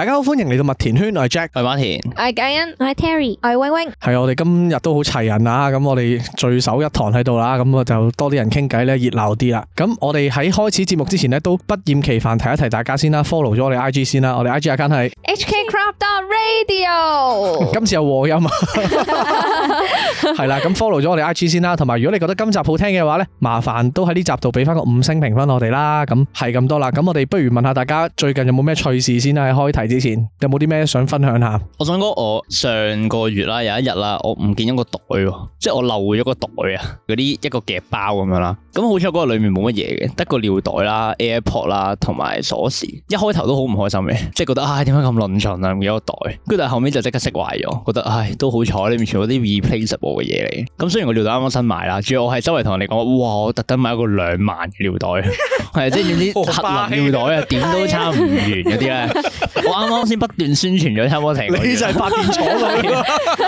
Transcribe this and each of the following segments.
大家好，歡迎嚟到麥田圈，我係 Jack，我係馬田，我係佳恩，我係 Terry，我係 wing wing，係啊，我哋今日都好齊人啊。咁我哋聚首一堂喺度啦，咁我就多啲人傾偈咧，熱鬧啲啦。咁我哋喺開始節目之前咧，都不厭其煩提一提大家先啦，follow 咗我哋 IG 先啦，我哋 IG account 係 HKcrop Radio。HK. 今次有和音啊， 係啦，咁 follow 咗我哋 IG 先啦，同埋如果你覺得今集好聽嘅話咧，麻煩都喺呢集度俾翻個五星評分我哋啦，咁係咁多啦，咁我哋不如問下大家最近有冇咩趣事先啦，開題。之前有冇啲咩想分享下？我想講我上個月啦，有一日啦，我唔見咗個袋，即係我漏咗個袋啊，嗰啲一個夾包咁樣啦。咁好彩嗰個裏面冇乜嘢嘅，得個尿袋啦、AirPod 啦同埋鎖匙。一開頭都好唔開心嘅，即係覺得唉，點解咁論盡啊？唔見個袋，跟住但係後尾就即刻釋懷咗，覺得唉都好彩，裏面全部啲 replaceable 嘅嘢嚟。咁雖然個尿袋啱啱新買啦，主要我係周圍同人哋講，哇，我特登買一個兩萬嘅尿袋，係 即係嗰啲核能尿袋啊，點 都差唔完嗰啲咧。 啱啱先不斷宣傳咗 charging，你就係發現錯咗。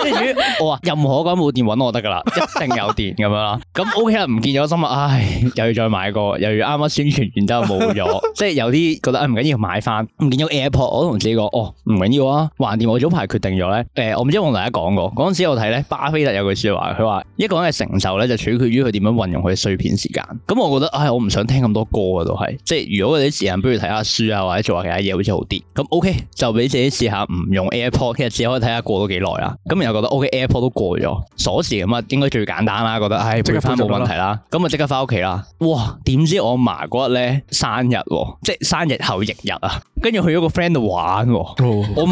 跟住我話任何嗰部電揾我得噶啦，一定有電咁樣啦。咁 OK 啦，唔見咗心啊，唉，又要再買個，又要啱啱宣傳完之後冇咗， 即係有啲覺得唔緊要買翻，唔見咗 AirPod，我都同自己講哦，唔緊要啊，橫掂我早排決定咗咧。誒、欸、我唔知有冇同大家講過，嗰陣時我睇咧巴菲特有句説話，佢話一個人嘅成就咧就取決於佢點樣運用佢嘅碎片時間。咁我覺得唉、哎，我唔想聽咁多歌啊，都係即係如果我啲時間不如睇下書啊，或者做下其他嘢好似好啲。咁 OK。就俾自己試下唔用 AirPod，其實只可以睇下過咗幾耐啦。咁然後覺得 O K AirPod 都過咗鎖匙嘅嘛，應該最簡單啦。覺得唉，本身冇問題啦，咁啊即刻翻屋企啦。哇，點知我阿嫲嗰日咧生日，即係生日後翌日啊，跟住去咗個 friend 度玩。我嫲嫲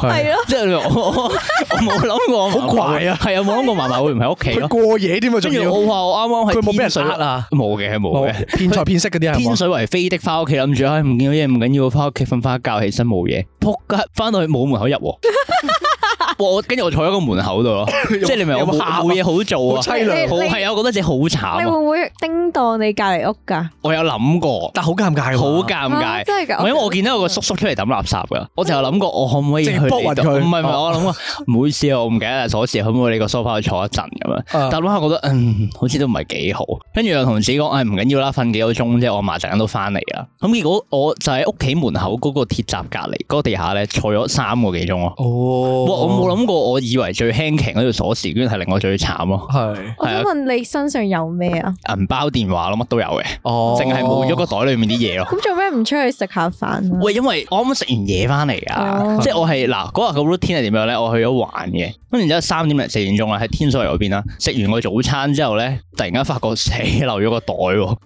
係啊，即係 我冇諗過好怪 啊，係啊，冇諗過嫲嫲 會唔喺屋企咯。 過夜添啊。仲要我話我啱啱係佢冇人水啦，冇嘅冇嘅，騙財騙色嗰啲係嘛？天水圍飛的，翻屋企諗住唉，唔見到嘢唔緊要，翻屋企瞓翻一覺，起身。起冇嘢，撲街翻到去冇門口入啊。 我跟住我坐喺個門口度，即係你咪有冇嘢好做啊？淒涼，我係啊，覺得自己好慘。你會唔會叮噹你隔籬屋噶？我有諗過，但好尷尬，好尷尬，真係因為我見到有個叔叔出嚟抌垃圾噶，我就有諗過，我可唔可以去嚟度？唔係唔係，我諗啊，唔好意思啊，我唔記得鎖匙，可唔可以你個 sofa 坐一陣咁樣？但諗下覺得，嗯，好似都唔係幾好。跟住又同自己講，哎，唔緊要啦，瞓幾多鐘啫。我阿媽陣間都翻嚟啊。咁結果我就喺屋企門口嗰個鐵閘隔籬嗰個地下咧，坐咗三個幾鐘啊。哦。我冇諗過，我以為最輕騎嗰條鎖匙，居然係令我最慘咯。係是，的我想問你身上有咩啊？銀包、電話咯，乜都有嘅。哦，淨係冇咗個袋裏面啲嘢咯。咁做咩唔出去食下飯喂，因為我啱啱食完嘢翻嚟啊，的即係我係嗱嗰日嘅 routine 係點樣咧？我去咗玩嘅，咁然之後三點零四點鐘啦，喺天水圍嗰邊啦，食完個早餐之後咧，突然間發覺死漏咗個袋，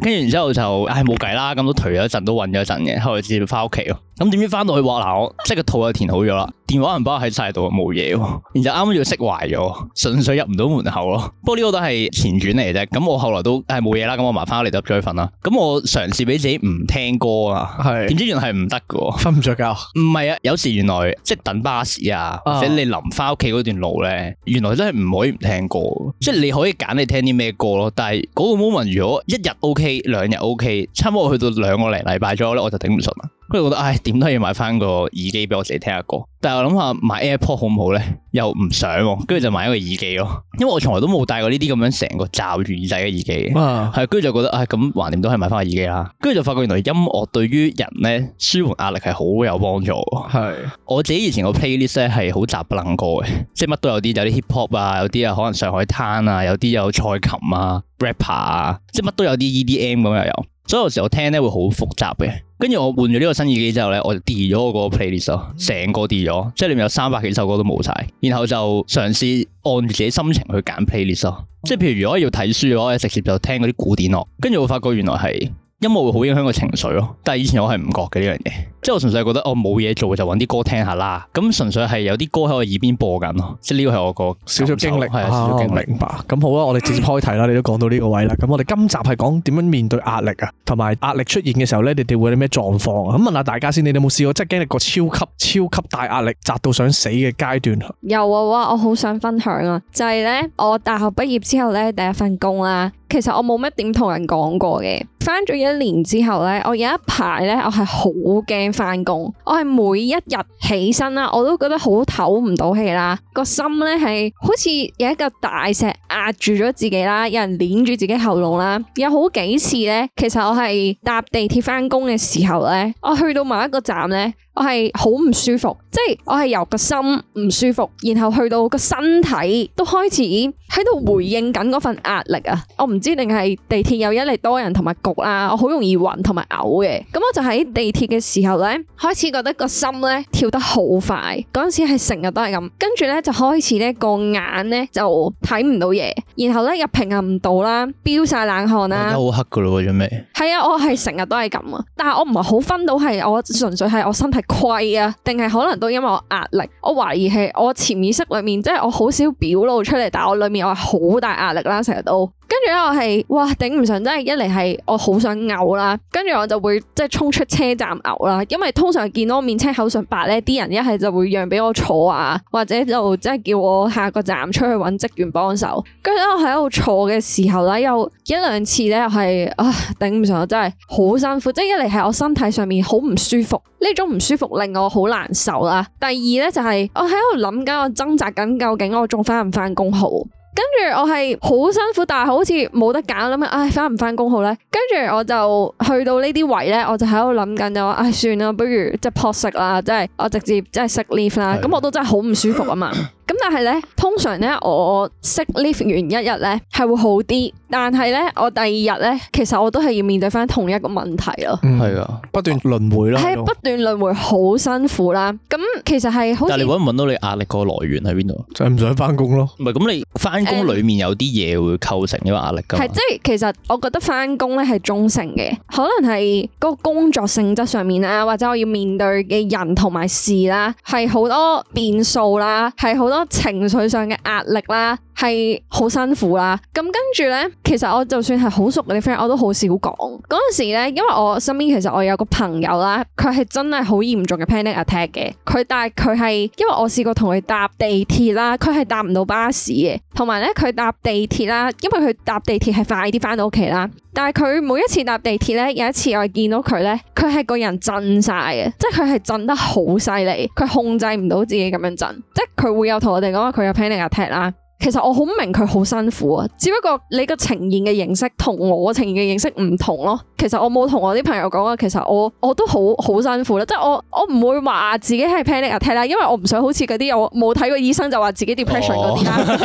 跟 住然之後,後就唉冇計啦，咁都頹咗一陣，都暈咗一陣嘅，後來直接翻屋企咯？咁點知翻到去話嗱，我即係個肚又填好咗啦。 電話銀包喺晒度冇嘢，然之後啱啱就釋懷咗，純粹入唔到門口咯。 不過呢個都係前傳嚟啫。咁我後來都係冇嘢啦。咁我返翻屋企就入咗去瞓啦。咁我嘗試俾自己唔聽歌啊，係點是知原來係唔得嘅，瞓唔着覺。唔係啊，有時原來即係等巴士啊，或者你臨翻屋企嗰段路咧，原來真係唔可以唔聽歌。即係你可以揀你聽啲咩歌咯，但係嗰個 moment 如果一日 OK，兩日 OK，差唔多去到兩個零禮拜咗咧，我就頂唔順啦。跟住覺得，唉、哎，點都要買翻個耳機畀我自己聽下歌。但係我諗下買 AirPod 好唔好咧？又唔想、啊，跟住就買一個耳機咯。因為我從來都冇戴過呢啲咁樣成個罩住耳仔嘅耳機。係哇，跟住就覺得，唉、哎，咁橫掂都係買翻個耳機啦。跟住就發覺原來音樂對於人咧舒緩壓力係好有幫助。係是，我自己以前個 playlist 咧係好雜不楞歌嘅，即係乜都有啲，有啲 hip hop 啊，有啲啊可能上海灘啊，有啲有蔡琴啊，rapper 啊，即係乜都有啲 EDM 咁又有。所以有時候我聽咧會好複雜嘅。跟住我換咗呢個新耳機之後呢，我就 delete 咗我嗰 play 個 playlist 啊，成個 delete 咗，即係裡面有三百幾首歌都冇晒。然後就嘗試按自己心情去揀 playlist 咯，即係譬如如果要睇書嘅話，我直接就聽嗰啲古典樂。跟住我發覺原來係。音樂會好影響個情緒咯，但係以前我係唔覺嘅呢樣嘢，即係我純粹係覺得我冇嘢做就揾啲歌聽下啦，咁純粹係有啲歌喺我耳邊播緊咯，即係呢個係我個小小經歷。係啊，小小經歷啊，明白。咁好啦，我哋直接開題啦，你都講到呢個位啦，咁我哋今集係講點樣面對壓力啊，同埋壓力出現嘅時候咧，你哋會有啲咩狀況啊？咁問下大家先，你哋有冇試過即係經歷過超級超級大壓力，壓到想死嘅階段？有啊，哇，我好想分享啊，就係咧，我大學畢業之後咧，第一份工啦。其實我冇咩點同人講過嘅，翻咗一年之後咧，我有一排咧，我係好驚翻工，我係每一日起身啦，我都覺得好唞唔到氣啦，個心咧係好似有一嚿大石壓住咗自己啦，有人捏住自己喉嚨啦，有好幾次咧，其實我係搭地鐵翻工嘅時候咧，我去到某一個站咧，我係好唔舒服。即係我係由個心唔舒服，然後去到個身體都開始喺度回應緊嗰份壓力啊！我唔知定係地鐵又一嚟，多人同埋焗啦，我好容易暈同埋嘔嘅。咁、嗯、我就喺地鐵嘅時候咧，開始覺得個心咧跳得好快，嗰陣時係成日都係咁，跟住咧就開始咧個眼咧就睇唔到嘢，然後咧又平衡唔到啦，飆晒冷汗啦，好黑噶咯，做咩？係 啊，我係成日都係咁啊，但係我唔係好分到係我純粹係我身體虧啊，定係可能都。因為我壓力，我懷疑係我潛意識裏面，即係我好少表露出嚟，但係我裏面我有好大壓力啦，成日都。跟住咧，我係哇頂唔上真，真係一嚟係我好想嘔啦，跟住我就會即係衝出車站嘔啦。因為通常見到我面車口上白咧，啲人一係就會讓俾我坐啊，或者就即係叫我下個站出去揾職員幫手。跟住我喺度坐嘅時候咧，有一兩次咧又係啊頂唔上，真係好辛苦。即係一嚟係我身體上面好唔舒服，呢種唔舒服令我好難受啦。第二咧就係、是、我喺度諗緊，我掙扎緊究竟我仲翻唔翻工好？跟住我係好辛苦，但係好似冇得揀，諗下唉，翻唔翻工好咧？跟住我就去到呢啲位咧，我就喺度諗緊就話唉，算啦，不如即係 post 食啦，即係我直接即係食 leave 啦，咁是的 我都真係好唔舒服啊嘛。咁但係咧，通常咧，我 sick leave 完一日咧，係會好啲。但係咧，我第二日咧，其實我都係要面對翻同一個問題咯。係啊、嗯，不斷輪迴咯，係不斷輪迴，好辛苦啦。咁其實係，好，但係你搵唔搵到你壓力個來源喺邊度？就係唔想翻工咯。唔係咁，你翻工裏面有啲嘢會構成呢個壓力噶。係即係，其實我覺得翻工咧係中性嘅，可能係嗰個工作性質上面啊，或者我要面對嘅人同埋事啦，係好多變數啦，係好多。情緒上嘅壓力啦。係好辛苦啦，咁跟住咧，其實我就算係好熟嗰啲 friend，我都好少講嗰陣時咧。因為我身邊其實我有個朋友啦，佢係真係好嚴重嘅 panic attack 嘅。佢但係佢係因為我試過同佢搭地鐵啦，佢係搭唔到巴士嘅，同埋咧佢搭地鐵啦，因為佢搭地鐵係快啲翻到屋企啦。但係佢每一次搭地鐵咧，有一次我見到佢咧，佢係個人震晒嘅，即係佢係震得好犀利，佢控制唔到自己咁樣震，即係佢會有同我哋講話佢有 panic attack 啦。其實我好明佢好辛苦啊，只不過你個呈現嘅形式同我呈現嘅形式唔同咯。其實我冇同我啲朋友講啊，其實我我都好好辛苦啦，即係我我唔會話自己係 panic attack 啦，因為我唔想好似嗰啲我冇睇過醫生就話自己 depression 嗰啲啦。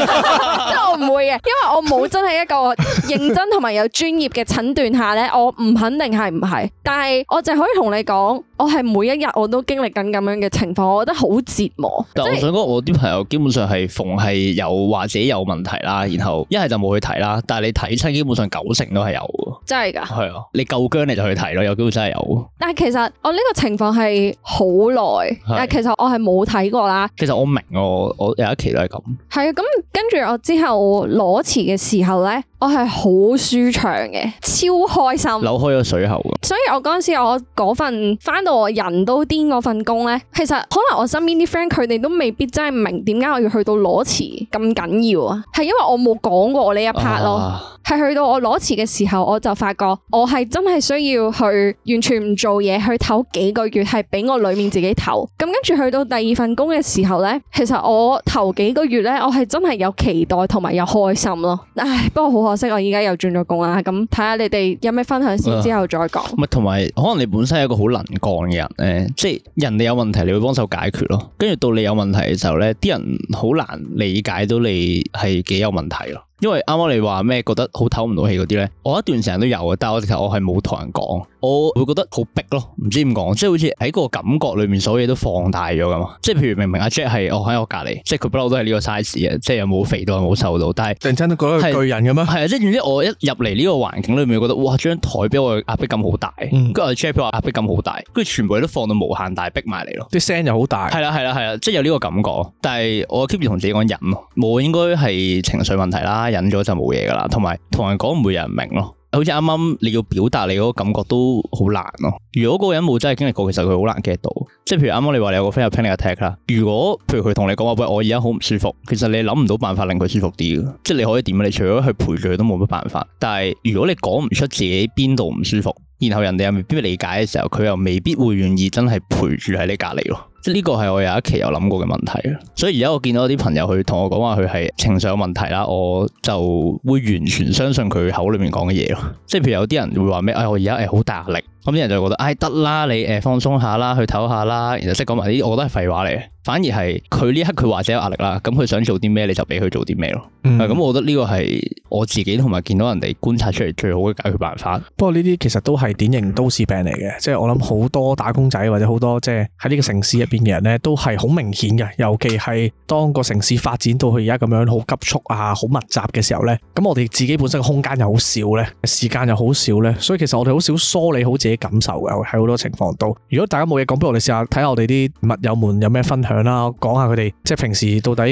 即係我唔會嘅，因為我冇真係一個認真同埋有專業嘅診斷下咧，我唔肯定係唔係。但係我淨係可以同你講，我係每一日我都經歷緊咁樣嘅情況，我覺得好折磨。我想講，就是、我啲朋友基本上係逢係有自己有問題啦，然後一係就冇去睇啦，但係你睇出基本上九成都係有，真係噶，係啊，你夠薑你就去睇咯，有機會真係有。但係其實我呢個情況係好耐，是但係其實我係冇睇過啦。其實我明我我有一期都係咁，係啊，咁跟住我之後攞詞嘅時候咧。我係好舒暢嘅，超開心。扭開咗水喉。所以我嗰陣時，我嗰份返到我人都癲嗰份工呢，其實可能我身邊啲 friend 佢哋都未必真係明點解我要去到裸辭咁緊要啊，係因為我冇講過我呢一 part 咯。啊係去到我攞錢嘅時候，我就發覺我係真係需要去完全唔做嘢去唞幾個月，係俾我裏面自己唞。咁跟住去到第二份工嘅時候咧，其實我頭幾個月咧，我係真係有期待同埋有開心咯。唉，不過好可惜我了了，我依家又轉咗工啦。咁睇下你哋有咩分享先，之後再講。同埋、嗯嗯，可能你本身係一個好能幹嘅人咧、呃，即係人哋有問題，你會幫手解決咯。跟住到你有問題嘅時候咧，啲人好難理解到你係幾有問題咯。因為啱啱你話咩覺得好透唔到氣嗰啲咧，我一段時間都有嘅，但係我其實我係冇同人講，我會覺得好逼咯，唔知點講，即係好似喺個感覺裏面，所有嘢都放大咗㗎嘛。即係譬如明明阿 Jack 係我喺我隔離，即係佢不嬲都係呢個 size 嘅，即係又冇肥到又冇瘦到，但係突然間都覺得係巨人咁啊。係即係總之我一入嚟呢個環境裏面，覺得哇張台俾我嘅壓迫感好大，跟住阿 Jack 俾我壓迫感好大，跟住全部都放到無限大逼埋嚟咯，啲聲又好大。係啦係啦係啦，即係有呢個感覺，但係我 keep 住同自己講忍咯，冇應該係情緒問題啦。忍咗就冇嘢噶啦，同埋同人講唔會有人明咯。好似啱啱你要表達你嗰個感覺都好難咯，啊。如果嗰個人冇真係經歷過，其實佢好難 get 到。即係譬如啱啱你話你有個 friend 有 panic attack 啦，如果譬如佢同你講話喂，我而家好唔舒服，其實你諗唔到辦法令佢舒服啲嘅。即係你可以點？你除咗去陪住佢都冇乜辦法。但係如果你講唔出自己邊度唔舒服，然後人哋又未必理解嘅時候，佢又未必會願意真係陪住喺你隔籬咯。即呢個係我有一期有諗過嘅問題的，所以而家我見到有啲朋友去同我講話佢係情緒有問題啦，我就會完全相信佢口裏面講嘅嘢咯。即係譬如有啲人會話咩，誒、哎、我而家誒好大壓力，咁啲人就覺得，哎，得啦，你放鬆下啦，去唞下啦，然後即係講埋呢啲，我覺得係廢話嚟。反而係佢呢刻佢或者有壓力啦，咁佢想做啲咩你就俾佢做啲咩咯。咁、嗯啊、我覺得呢個係我自己同埋見到人哋觀察出嚟最好嘅解決辦法。不過呢啲其實都係典型都市病嚟嘅，即係我諗好多打工仔或者好多即係喺呢個城市入邊嘅人咧，都係好明顯嘅。尤其係當個城市發展到佢而家咁樣好急速啊，好密集嘅時候咧，咁我哋自己本身嘅空間又好少咧，時間又好少咧，所以其實我哋好少梳理好自己感受嘅，喺好多情況都。如果大家冇嘢講，不如我哋試下睇下我哋啲密友們有咩分享。係啦，講下佢哋即係平時到底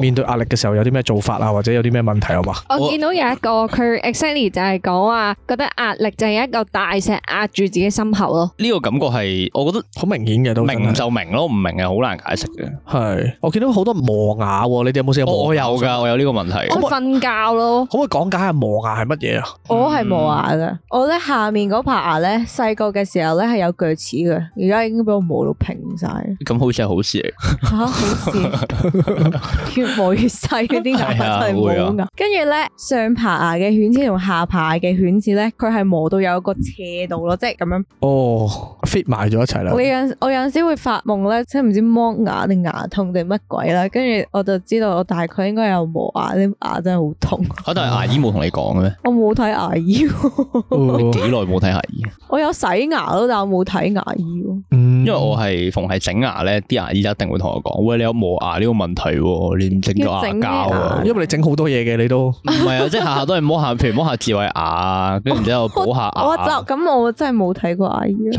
面對壓力嘅時候有啲咩做法啊，或者有啲咩問題啊嘛？我見到有一個佢 Xenia 就係講話覺得壓力就係一個大石壓住自己心口咯。呢個感覺係我覺得好明顯嘅，都明就明咯，唔明啊好難解釋嘅。係我見到好多磨牙，你哋有冇試過？我有噶，我有呢個問題。我瞓覺咯。可唔可以講解下磨牙係乜嘢啊？我係磨牙噶，我咧下面嗰排牙咧細個嘅時候咧係有鋸齒嘅，而家已經俾我磨到平晒。咁好似係好事嚟。吓、啊、好似。越磨越細嗰啲牙真係冇牙。跟住咧，上排牙嘅犬齒同下排嘅犬齒咧，佢係磨到有一個斜度咯，即係咁樣。哦，fit 埋咗一齊啦。我有我有陣時會發夢咧，即係唔知剝牙定牙痛定乜鬼啦。跟住我就知道我大概應該有磨牙，啲牙真係好痛。咁但係牙醫冇同你講嘅咩？我冇睇牙醫，你幾耐冇睇牙醫？我有洗牙咯，但係我冇睇牙醫。嗯，因為我係逢係整牙咧，啲牙醫一定。會同我講，喂，你有磨牙呢個問題，你唔整個牙膠啊？因為你整好多嘢嘅，你都唔係啊，即係下下都係摸下，譬如摸下智慧牙跟住然之後補下牙。我就咁，我真係冇睇過阿姨，因為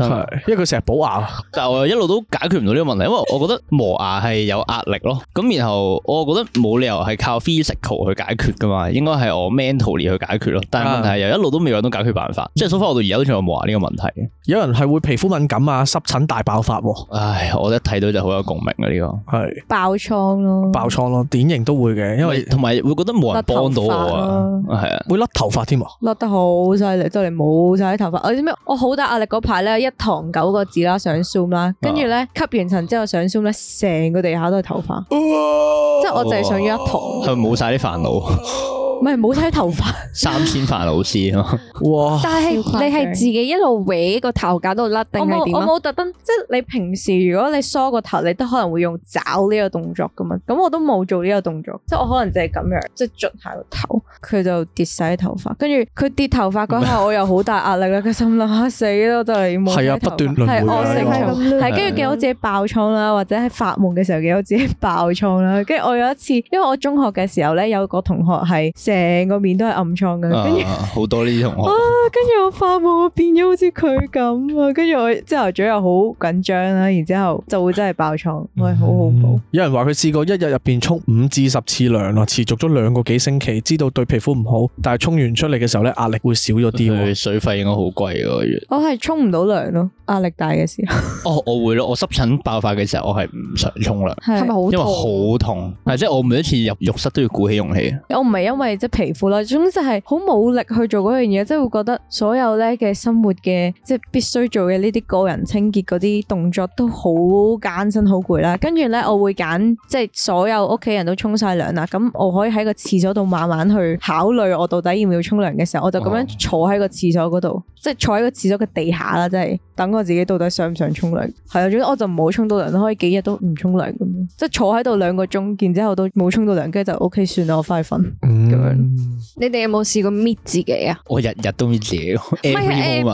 佢成日補牙， 但係我一路都解決唔到呢個問題，因為我覺得磨牙係有壓力咯。咁然後我覺得冇理由係靠 physical 去解決噶嘛，應該係我 mentally 去解決咯。但係問題係又一路都未揾到解決辦法， 即係所以我到而家都仲有磨牙呢個問題。有人係會皮膚敏感啊，濕疹大爆發。唉，我一睇到就好有共鳴。呢、這個係是爆瘡咯，爆瘡咯，典型都會嘅，因為同埋會覺得冇人幫到我啊，係啊，會甩頭髮添啊，甩得好犀利，即係冇晒啲頭髮。我知咩？我好大壓力嗰排咧，一堂九個字啦，上 zoom 啦，跟住咧吸完塵之後上 zoom 咧，成個地下都係頭髮，哇即係我淨係想要一堂，係冇晒啲煩惱。是唔係冇睇頭髮三千發老師咯，哇！但係你係自己一路搲個頭殼度甩，定。我冇特登，即係你平時如果你梳個頭，你都可能會用爪呢個動作噶嘛，咁我都冇做呢個動作，即係我可能就係咁樣，即係捽下個頭，佢就跌曬頭髮，跟住佢跌頭髮嗰下，我又好大壓力啦，佢心諗嚇、啊、死咯，真係要冇頭髮，係啊，不斷輪換、喔，係惡食喺咁輪，跟住見到自己爆瘡啦，或者係發夢嘅時候見到自己爆瘡啦，跟住我有一次，因為我中學嘅時候咧，有個同學係成個面都係暗瘡嘅，跟住好多呢啲同學啊，跟住我發夢，我變咗好似佢咁啊，跟住我朝頭早又好緊張啦，然後之後就會真係爆瘡，我好、嗯、恐怖。嗯、有人話佢試過一日入面沖五至十次涼咯，持續咗兩個幾星期，知道對皮膚唔好，但係沖完出嚟嘅時候咧，壓力會少咗啲、嗯。水費應該好貴嘅，月我係沖唔到涼咯，壓力大嘅時候。 哦，我會咯，我濕疹爆發嘅時候，我係唔想沖涼，係咪好？係係因為好痛，係即係我每一次入浴室都要鼓起勇氣。我唔係因為。即係皮膚啦，總之係好冇力去做嗰樣嘢，即係會覺得所有咧嘅生活嘅即係必須做嘅呢啲個人清潔嗰啲動作都好艱辛、好攰啦。跟住咧，我會揀即係所有屋企人都沖晒涼啦，咁我可以喺個廁所度慢慢去考慮我到底要唔要沖涼嘅時候，我就咁樣坐喺個廁所嗰度，哇即係坐喺個廁所嘅地下啦，即係。等我自己到底想唔想沖涼，係啊，總之我就冇沖到涼，可以幾日都唔沖涼咁樣，即係坐喺度兩個鐘，然之後都冇沖到涼，跟住就 OK 算啦，我翻去瞓咁樣。你哋有冇試過搣自己啊？我日日都搣自己。我係，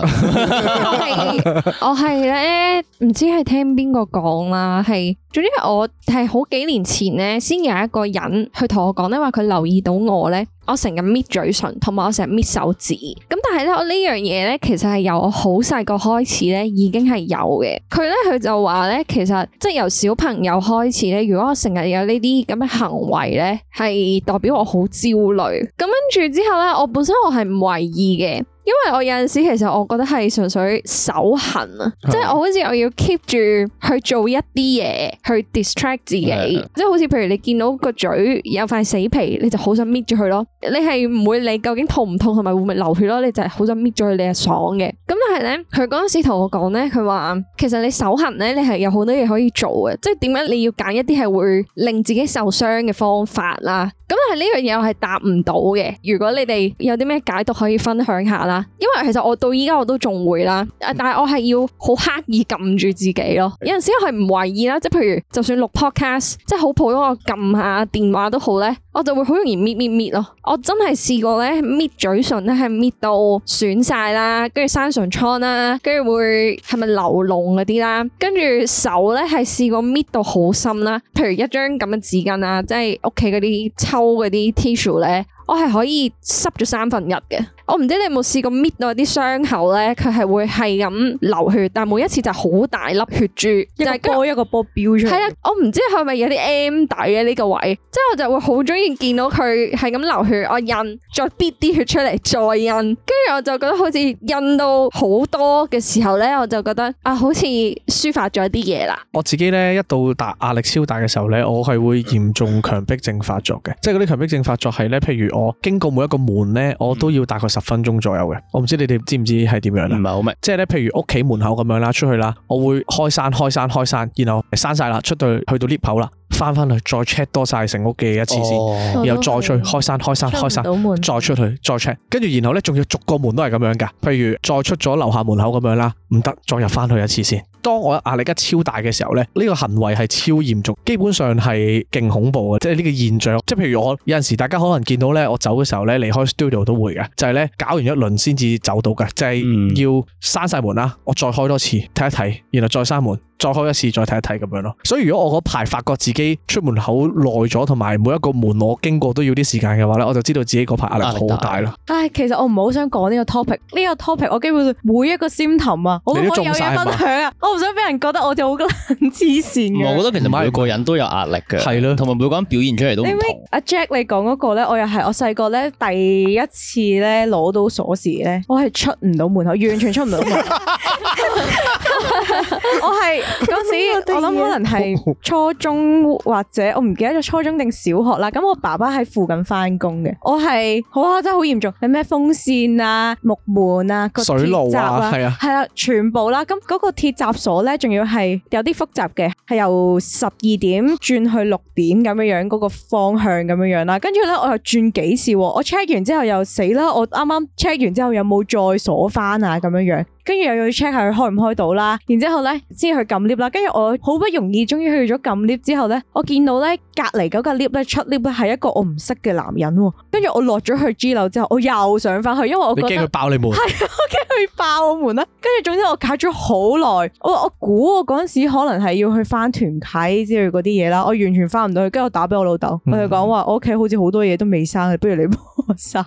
我係咧，唔知係聽邊個講啦，係。總之我係好幾年前咧，先有一個人佢同我講咧，話佢留意到我咧，我成日搣嘴唇，同埋我成日搣手指。咁但係咧，我呢樣嘢咧，其實係由我好細個開始咧，已經係有嘅。佢咧，佢就話咧，其實即係由小朋友開始咧，如果我成日有呢啲咁嘅行為咧，係代表我好焦慮。咁跟住之後咧，我本身我係唔為意嘅。因為我有陣時，其實我覺得係純粹手痕，啊，oh. 即係我好似我要 keep 住去做一啲嘢去 distract 自己，Yeah. 即係好似譬如你見到個嘴有塊死皮，你就好想搣住佢咯。你係唔會理會你究竟痛唔痛同埋會唔會流血咯？你就係好想搣咗佢你係爽嘅。咁但係咧，佢嗰陣時同我講咧，佢話其實你手痕咧，你係有好多嘢可以做嘅，即係點樣你要揀一啲係會令自己受傷嘅方法啦。咁但係呢樣嘢我係答唔到嘅。如果你哋有啲咩解讀可以分享下。因為其實我到依家我都仲會啦，但係我係要好刻意撳住自己咯。有陣時係唔為意啦，即係譬如就算錄 podcast，即係好普通我撳下電話都好咧，我就會好容易搣搣搣咯。我真係試過咧搣嘴唇咧係搣到損晒啦，跟住生唇瘡啦，跟住會係咪流膿嗰啲啦，跟住手咧係試過搣到好深啦，譬如一張咁嘅紙巾啊，即係屋企嗰啲抽嗰啲 tissue 咧，我係可以濕咗三分一嘅。我唔知你有冇試過搣到啲傷口咧，佢係會係咁流血，但係每一次就好大粒血珠，一個波就就一個波標出嚟。係啊，我唔知係咪有啲 M 底嘅呢個位，即係我就會好中意見到佢係咁流血，我印再逼啲血出嚟再印，跟住我就覺得好似印到好多嘅時候咧，我就覺得啊，好似抒發咗啲嘢啦。我自己咧一到達壓力超大嘅時候咧，我係會嚴重強迫症發作嘅，即係嗰啲強迫症發作係咧，譬如我經過每一個門咧，我都要大概十。分鐘左右嘅，我唔知你哋知唔知係點樣啊？唔係好明，即係咧，譬如屋企門口咁樣啦，出去啦，我會開閂開閂開閂，然後閂晒啦，出到去，去到 lift 口啦，翻翻去再 check 多晒成屋嘅一次先，哦，然後再出去，開閂開閂開閂，出門再出去再 check，跟住然後咧，仲要逐個門都係咁樣噶，譬如再出咗樓下門口咁樣啦，唔得再入翻去一次先。當我壓力而家超大嘅時候呢，呢個行為係超嚴重，基本上係勁恐怖嘅，即係呢個現象。即係譬如我有陣時，大家可能見到呢，我走嘅時候呢，離開 studio 都會嘅，就係呢搞完一輪先至走到嘅，就係要閂晒門啦，我再開多次睇一睇，然後再閂門。再開一次，再睇一睇咁樣咯。所以如果我嗰排發覺自己出門口耐咗，同埋每一個門我經過都要啲時間嘅話咧，我就知道自己嗰排壓力好大咯。大唉，其實我唔係好想講呢個 topic。呢、呢個 topic 我基本上每一個 symptom 啊，um, 我都可以有嘢分享啊。嗎我唔想俾人覺得我就好撚黐線嘅。我覺得其實每個人都有壓力嘅，係咯的，同埋每個人表現出嚟都唔同。阿 Jack 你講嗰、嗰個咧，我又係我細個咧第一次咧攞到鎖匙咧，我係出唔到門口，完全出唔到門口， 我係。嗰 時我諗可能係初中或者我唔記得咗初中定小學啦。咁我爸爸喺附近翻工嘅，我係哇真係好嚴重，係咩風扇啊、木門啊、個水路閘係啊，係啦、啊啊啊，全部啦。咁、那、嗰個鐵閘鎖咧，仲要係有啲複雜嘅，係由十二點轉去六點咁樣樣嗰、那個方向咁樣樣啦。跟住咧，我又轉幾次？我 check 完之後又死啦！我啱啱 check 完之後有冇再鎖翻啊？咁樣樣。跟住又要 check 下佢開唔開到啦，然之後咧先去撳 lift 啦，跟住我好不容易終於去咗撳 lift 之後咧，我見到咧隔籬嗰個 lift 咧出 lift 係一個我唔識嘅男人，跟住我落咗去 G 樓之後，我又想翻去，因為我驚佢爆你門，係我驚佢爆我門啦。跟住總之我卡咗好耐，我我估我嗰陣時可能係要去翻團契之類嗰啲嘢啦，我完全翻唔到去，跟住我打俾我老豆，我哋講話我屋企好似好多嘢都未刪，不如你幫我刪，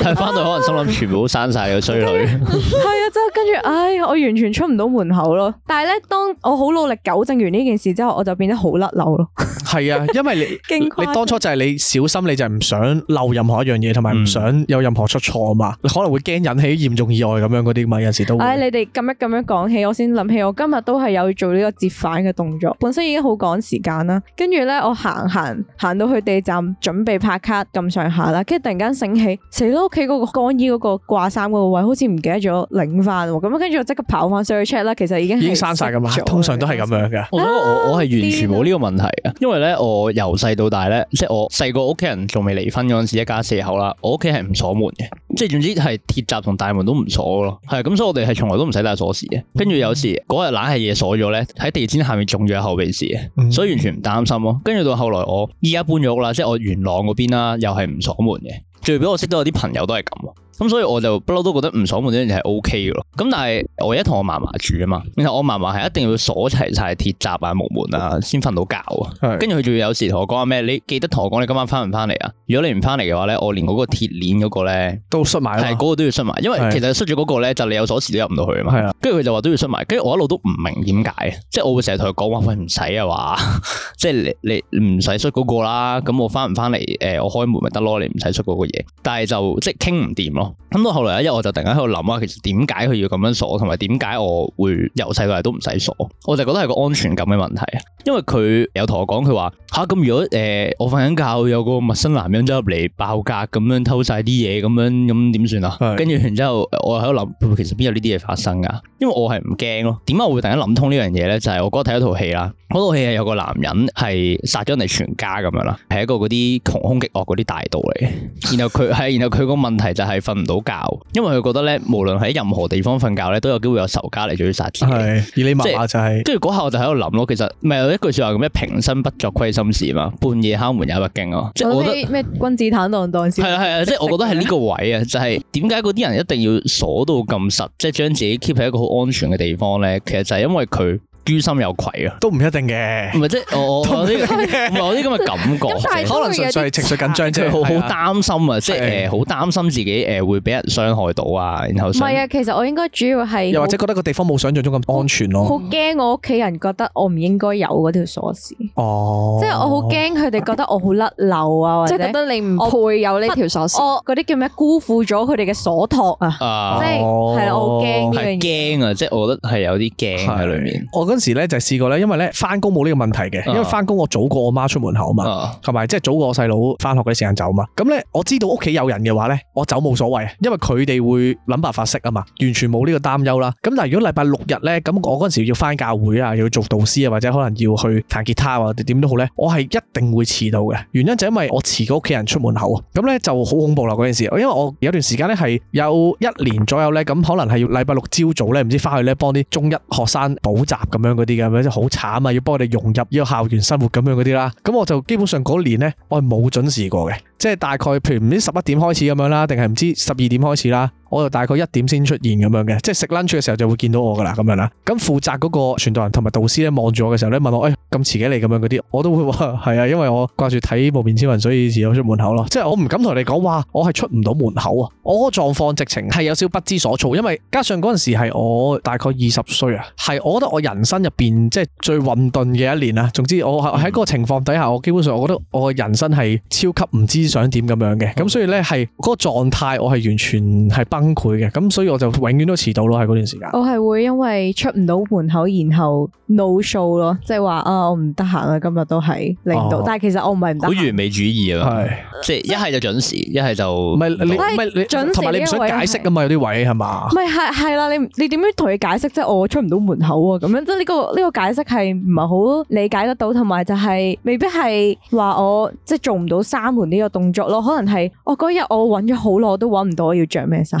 但係翻到可能心諗全部都刪晒個衰女。 係啊，即係跟住，唉，我完全出唔到門口咯。但係咧，當我好努力糾正完呢件事之後，我就變得好甩漏咯。係啊，因為你 誇張 你當初就係你小心，你就係唔想漏任何一樣嘢，同埋唔想有任何出錯啊嘛。嗯、可能會驚引起嚴重意外咁樣嗰啲嘛，有陣時都。唉，你哋咁一咁樣講起，我先諗起我今日都係有做呢個折返嘅動作。本身已經好趕時間啦，跟住咧我行行行到去地站準備拍卡咁上下啦，跟住突然間醒起，死啦！屋企嗰個乾衣嗰個掛衫嗰個位，好似唔記得。咗領翻咁，跟住我即刻跑翻上去 check 啦。其實已經已經閂晒噶嘛，通常都係咁樣噶。我覺得我、啊、我係完全冇呢個問題嘅，天啊、因為咧我由細到大咧，即係我細個屋企人仲未離婚嗰陣時，一家四口啦，我屋企係唔鎖門嘅，即係總之係鐵閘同大門都唔鎖咯。係咁，所以我哋係從來都唔使帶鎖匙嘅。跟住有時嗰日冷係嘢鎖咗咧，喺地氈下面種咗一後備匙嘅，所以完全唔擔心咯。跟住到後來我依家搬咗屋啦，即係我元朗嗰邊啦，又係唔鎖門嘅。最尾我識到有啲朋友都係咁。咁所以我就不嬲都覺得唔鎖門呢樣嘢係 O K 嘅咯。咁、就是 OK、但係我而家同我嫲嫲住啊嘛，然後我嫲嫲係一定要鎖齊晒鐵閘啊木門啊先瞓到覺啊。跟住佢仲要有時同我講咩？你記得同我講你今晚翻唔翻嚟啊？如果你唔翻嚟嘅話咧，我連嗰個鐵鏈嗰個咧都閂埋，係嗰、嗰個都要閂埋。因為其實閂住嗰個咧就你有鎖匙都入唔到去啊嘛。跟住佢就話都要閂埋。跟住我一路都唔明點解，即係我會成日同佢講話，喂，唔使啊話， 即係你你唔使閂嗰個啦。咁我翻唔翻嚟，誒，我開門咪得咯，你唔使閂嗰個嘢。但係就即係傾唔掂咯。咁到後來一日我就突然間喺度諗啊，其實點解佢要咁樣鎖，同埋點解我會由細到大都唔使鎖？我就覺得係個安全感嘅問題。因為佢有同我講，佢話吓，咁如果誒、呃、我瞓緊覺，有個陌生男人走入嚟爆格咁樣偷晒啲嘢，咁樣咁點算啊？是的 跟住然之後我喺度諗，其實邊有呢啲嘢發生噶？因為我係唔驚咯。點解我會突然間諗通呢樣嘢咧？就係、是、我覺得睇咗套戲啦，嗰套戲係有個男人係殺咗人哋全家咁樣啦，係一個嗰啲窮兇極惡嗰啲大盜嚟。然後佢係， 然後佢個問題就係、是，唔到覺，因為佢覺得咧，無論喺任何地方瞓覺咧，都有機會有仇家嚟，追殺自己。係，而你就係跟住嗰下我就喺度諗咯。其實唔係有一句話說話咩？平生不作虧心事嘛，半夜敲門也不驚啊。即係我啲咩君子坦蕩蕩先係啊係啊，即係 我覺得係呢個位啊，就係點解嗰啲人一定要鎖到咁實，即係將自己 keep 喺一個好安全嘅地方咧？其實就係因為佢。居心有愧啊，都唔一定嘅。唔係即係我我啲唔係我啲咁嘅感覺，可能純粹情緒緊張啫。好擔心啊，即係誒，好擔心自己誒會俾人傷害到啊。然後唔係啊，其實我應該主要係又或者覺得個地方冇想像中咁安全咯。好驚我屋企人覺得我唔應該有嗰條鎖匙。哦，即係我好驚佢哋覺得我好甩漏啊，或者覺得你唔配有呢條鎖匙。嗰啲叫咩？辜負咗佢哋嘅所託啊。啊，係啊，我好驚呢樣嘢係驚啊，即係我覺得係有啲驚喺裏面。我覺得。嗰時咧就試過咧，因為咧翻工，冇呢個問題嘅，因為翻工我早過我媽出門口啊，同埋即係早過我細佬翻學嗰啲時間走啊，咁咧我知道屋企有人嘅話咧，我走冇所謂，因為佢哋會諗辦法識啊嘛，完全冇呢個擔憂啦。咁但係如果禮拜六日咧，咁我嗰陣時要翻教會啊，又要做導師啊，或者可能要去彈吉他啊，點都好咧，我係一定會遲到嘅。原因就因為我遲過屋企人出門口啊，咁咧就好恐怖啦嗰陣時，因為我有段時間咧係有一年左右咧，咁可能係要禮拜六朝早咧，唔知翻去咧幫啲中一學生補習咁。咁樣嗰啲嘅，咁即係好慘啊！要幫我哋融入呢個校園生活咁樣嗰啲啦，咁我就基本上嗰年咧，我係冇準時過嘅，即係大概譬如唔知十一點開始咁樣啦，定係唔知十二點開始啦。我就大概一點先出現咁樣嘅，即係食 lunch 嘅時候就會見到我噶啦，咁樣啦。咁負責嗰個傳道人同埋導師咧望住我嘅時候咧問我，誒、哎，咁遲幾嚟，咁樣嗰啲，我都會話係啊，因為我掛住睇《蒙面超人》，所以遲咗出門口咯。即係我唔敢同你講話，我係出唔到門口啊！我狀況直情係有少不知所措，因為加上嗰陣時係我大概二十歲啊，係我覺得我人生入邊即係最混沌嘅一年啊。總之我喺嗰個情況底下，我基本上我覺得我嘅人生係超級唔知想點咁樣嘅。咁所以咧係嗰個狀態，我係完全係。崩潰嘅，咁所以我就永遠都遲到咯，喺嗰段時間。我係會因為出唔到門口，然後 no show 咯，即係話啊，我唔得閒啊，今日都係嚟唔到，哦、但係其實我唔係唔得閒，好完美主義啊，係是 即係一係就準時，一係就唔係你唔係你準時，你唔想解釋啊嘛？有啲位係嘛？唔係係係啦，你你點樣同佢解釋？即係我出唔到門口啊，咁樣即係呢、這個呢、這個解釋係唔係好理解得到，同埋就係未必係話我即係做唔到閂門呢個動作咯，可能係、哦、我嗰日我搵咗好耐，都搵唔到我要着咩衫。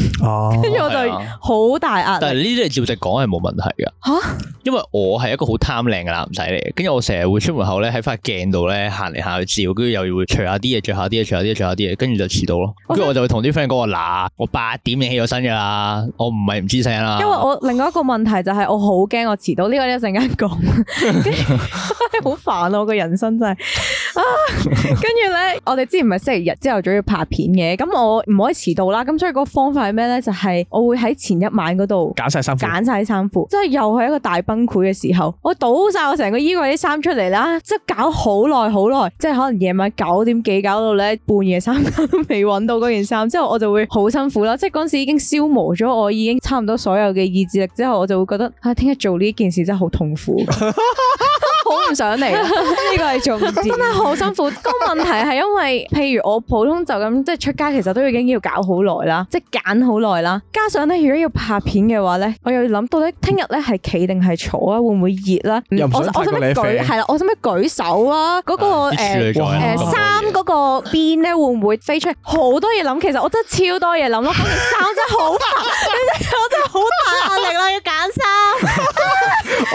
哦，跟住、啊、我就好大壓力。但係呢啲嚟照直講係冇問題噶吓，啊、因為我係一個好貪靚嘅男仔嚟，跟住我成日會出門口咧喺塊鏡度咧行嚟行去照，跟住又要除下啲嘢，着下啲嘢，除下啲嘢，除下啲嘢，跟住就遲到咯。跟住我就會同啲 friend 講嗱，我八點已經起咗身噶啦，我唔係唔知聲啦。因為我另外一個問題就係我好驚我遲到，呢個一陣間講，跟住好煩啊！我嘅人生真係啊，跟住咧，我哋之前唔係星期日朝頭早要拍片嘅，咁我唔可以遲到啦。咁所以個方法係咩？咧就係我會喺前一晚嗰度揀晒衫，揀晒衫褲，即係又係一個大崩潰嘅時候。我倒晒我成個衣櫃啲衫出嚟啦，即係搞好耐好耐，即係可能夜晚九點幾搞到咧半夜三更都未揾到嗰件衫，之後我就會好辛苦啦。即係嗰陣時已經消磨咗我已經差唔多所有嘅意志力，之後我就會覺得，唉、啊，聽日做呢件事真係好痛苦。 我唔想嚟，呢個係做，真係好辛苦。個問題係因為，譬如我普通就咁即係出街，其實都已經要搞好耐啦，即係揀好耐啦。加上咧，如果要拍片嘅話咧，我又要諗到底聽日咧係企定係坐啊？會唔會熱啦？又唔想拖你肥。係啦，我使唔使舉手啊？嗰個誒衫嗰個邊咧會唔會飛出？好多嘢諗，其實我真係超多嘢諗咯。衫真係好大，我真係好大壓力啦！要揀衫，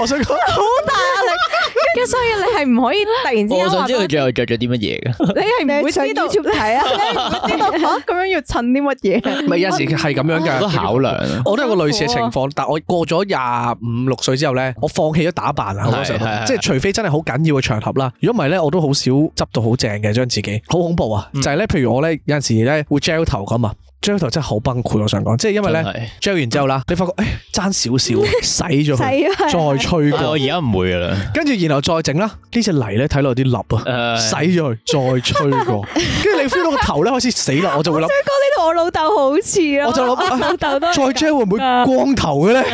我想講好大壓力。所以你係唔可以突然之間我想知佢最後着咗啲乜嘢嘅。你係唔會上到 YouTube 睇啊？呢度啊咁樣要襯啲乜嘢？咪有陣時係咁樣嘅，好多考量。我都有個類似嘅情況，但係我過咗廿五六歲之後咧，我放棄咗打扮啊。對對對，即係除非真係好緊要嘅場合啦，如果唔係咧，我都好少執到好正嘅，將自己好恐怖啊！就係咧，譬如我咧有陣時咧會 gel 頭噶嘛。紮頭真係好崩潰，我想講，即係因為咧，紮完之後啦，你發覺誒，爭少少，洗咗佢，再吹過，而家唔會噶啦，跟住然後再整啦，呢隻泥咧睇落有啲粒啊，洗咗佢，再吹過，跟住你吹到個頭咧開始死啦，我就會諗，哥呢度我老豆好似啊，我就諗老豆都，再紮會唔會光頭嘅咧？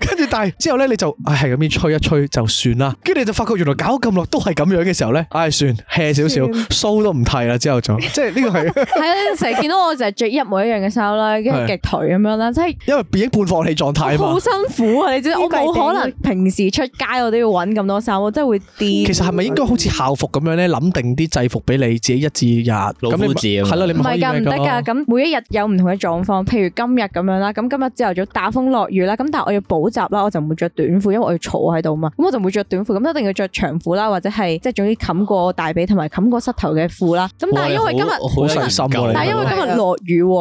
跟住但係之後咧你就，唉，係咁樣吹一吹就算啦，跟住你就發覺原來搞咁耐都係咁樣嘅時候咧，唉，算 hea 少少，鬚都唔剃啦，之後就，即係呢個係，係啊，成日見到我成日。着一模一樣嘅衫啦，跟住極頹咁樣啦，即係因為變一半放棄狀態，好辛苦啊！你知我冇可能平時出街我都要揾咁多衫喎，真係會癲。其實係咪應該好似校服咁樣咧，諗定啲制服俾你自己一至日，長褲係咯，你唔係㗎，唔得㗎。咁每一日有唔同嘅狀況，譬如今日咁樣啦，咁今日朝頭早打風落雨啦，咁但係我要補習啦，我就唔會着短褲，因為我要坐喺度嘛，咁我就唔會着短褲，咁一定要着長褲啦，或者係即係總之冚過大髀同埋冚過膝頭嘅褲啦。咁但係因為今日好落，但係因為今日落。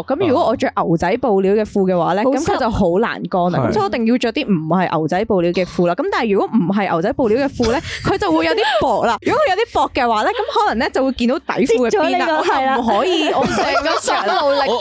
咁如果我着牛仔布料嘅褲嘅話咧，咁佢就好難乾啦，咁所以我一定要着啲唔係牛仔布料嘅褲啦。咁但係如果唔係牛仔布料嘅褲咧，佢就會有啲薄啦。如果佢有啲薄嘅話咧，咁可能咧就會見到底褲嘅邊啦，係啦，唔可以，我唔係咁努力。我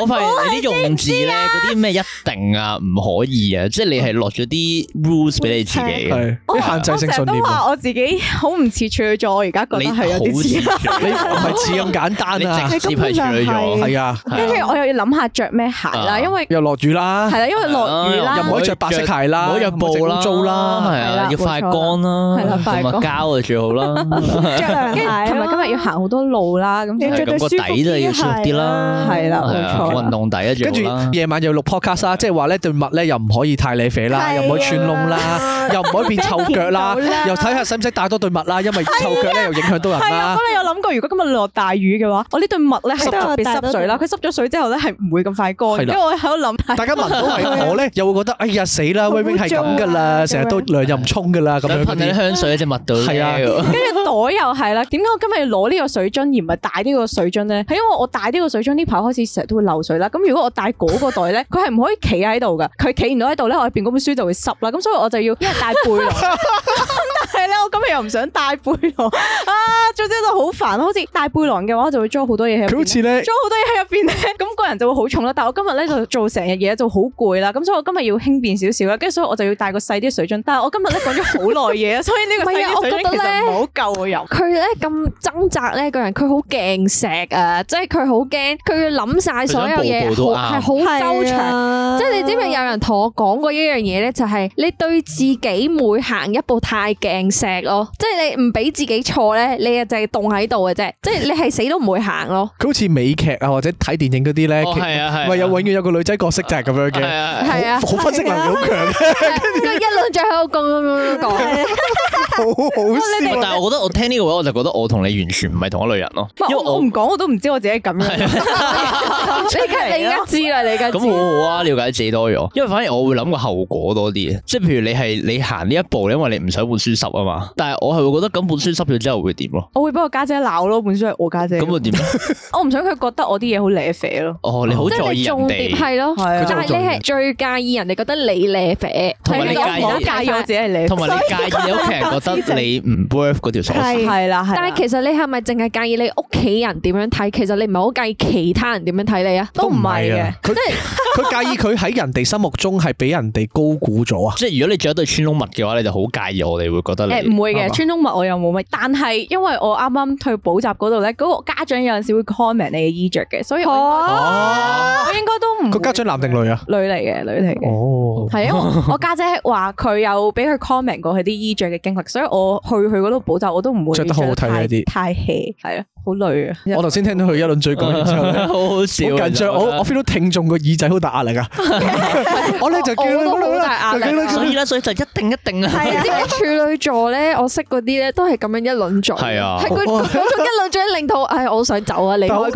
我發現你啲用字咧，嗰啲咩一定啊，唔可以啊，即係你係落咗啲 rules 俾你自己嘅，啲限制性信條。我自己好唔似處女座，我而家覺得係有啲似，唔係似咁簡單啊，直接係處女座。係啊，跟住我又要諗下着咩鞋啦，因為又落雨啦，係啦，因為落雨啦，又唔可以着白色鞋啦，唔可以入布啦、污糟啦，係啊，要快乾啦，皮質膠就最好啦。跟住同埋今日要行好多路啦，咁對著對底都要舒服啲啦，係啦，運動底一樣啦。跟住夜晚又錄 podcast 啊，即係話呢對襪咧又唔可以太㗱肥啦，又唔可以穿窿啦，又唔可以變臭腳啦，又睇下使唔使帶多對襪啦，因為臭腳咧又影響到人啦。係啊，咁你有諗過如果今日落大雨嘅話，我呢對襪咧係特別濕水啦，佢濕咗水之後咧，係唔會咁快乾。的因為我喺度諗，大家聞到係 我咧，又會覺得哎呀死啦 Win Win 係咁噶啦，成日都涼又唔沖噶啦，咁噴啲香水，一隻襪度，跟住是的 袋又係啦。點解我今日要攞呢個水樽而唔係帶呢個水樽咧？係因為我帶呢個水樽呢排開始成日都會漏水啦。咁如果我帶嗰個袋咧，佢係唔可以企喺度噶，佢企唔到喺度咧，我邊嗰本書就會濕啦。咁所以我就要因為帶背囊。 我今日又唔想戴背囊啊，總之都好煩，好似戴背囊嘅話，就會裝好多嘢喺。好似咧，裝好多嘢喺入邊咧，咁 個人就會好重啦。但係我今日咧就做成日嘢，就好攰啦。咁所以我今日要輕便少少啦，跟住所以我就要帶個細啲水樽。 但係我今日咧講咗好耐嘢， 所以呢個唔、 啊、我覺得好夠啊入佢咧咁掙扎咧個人，佢好勁石啊，即係佢好驚，佢要諗晒所有嘢，係好周詳。即係對了 你知唔知有人同我講過一樣嘢咧，就係、是、你對自己每行一步太勁。石咯，即係你唔俾自己錯咧，你啊就係凍喺度嘅啫，即係你係死都唔會行咯。佢好似美劇啊或者睇電影嗰啲咧，係啊係，咪有永遠有個女仔角色就係咁樣嘅，係啊，係啊，好分析能力強嘅，佢一路在喺度講講講，好好笑。但係我覺得我聽呢個話，我就覺得我同你完全唔係同一類人咯。我唔講我都唔知我自己咁樣，所以而家你而家知啦，你而家咁好啊，了解自己多咗。因為反而我會諗個後果多啲，即係譬如你係你行呢一步，因為你唔想換輸十。但係我係會覺得咁本書濕咗之後會點咯？我會俾我家姐鬧咯，本書係我家姐。咁會點？我唔想佢覺得我啲嘢好咧啡咯。哦，你好在意人哋係咯，但係你係最介意人哋覺得你咧啡。同埋你好介意我自己係咧啡，同埋你介意你屋企人覺得你唔 worth 嗰條鎖匙。係啦，但係其實你係咪淨係介意你屋企人點樣睇？其實你唔係好介意其他人點樣睇你啊？都唔係嘅，佢介意佢喺人哋心目中係俾人哋高估咗啊！即係如果你着有對穿窿襪嘅話，你就好介意我哋會覺得你。唔會嘅，吧村中物我又冇乜。但係因為我啱啱去補習嗰度咧，嗰、嗰個家長有陣時會 comment 你嘅衣着嘅，所以我應該、啊、都唔。佢、啊、家長男定女啊？女嚟嘅，女嚟嘅。哦，係因為我家 姐話佢有俾佢 comment 過佢啲衣着嘅經歷，所以我去佢嗰度補習我都唔會着得好好睇一啲，太 hea 係啊。好累啊！我頭先聽到佢一輪嘴講完之後，好好笑，好緊張，我我 feel 到聽眾個耳仔好大壓力噶。我咧就叫，好大壓力，所以咧，所以就一定一定啊！啲處女座咧，我識嗰啲咧，都係咁樣一輪嘴，係啊，係嗰嗰種一輪嘴令到，唉，我想走啊！你佢好過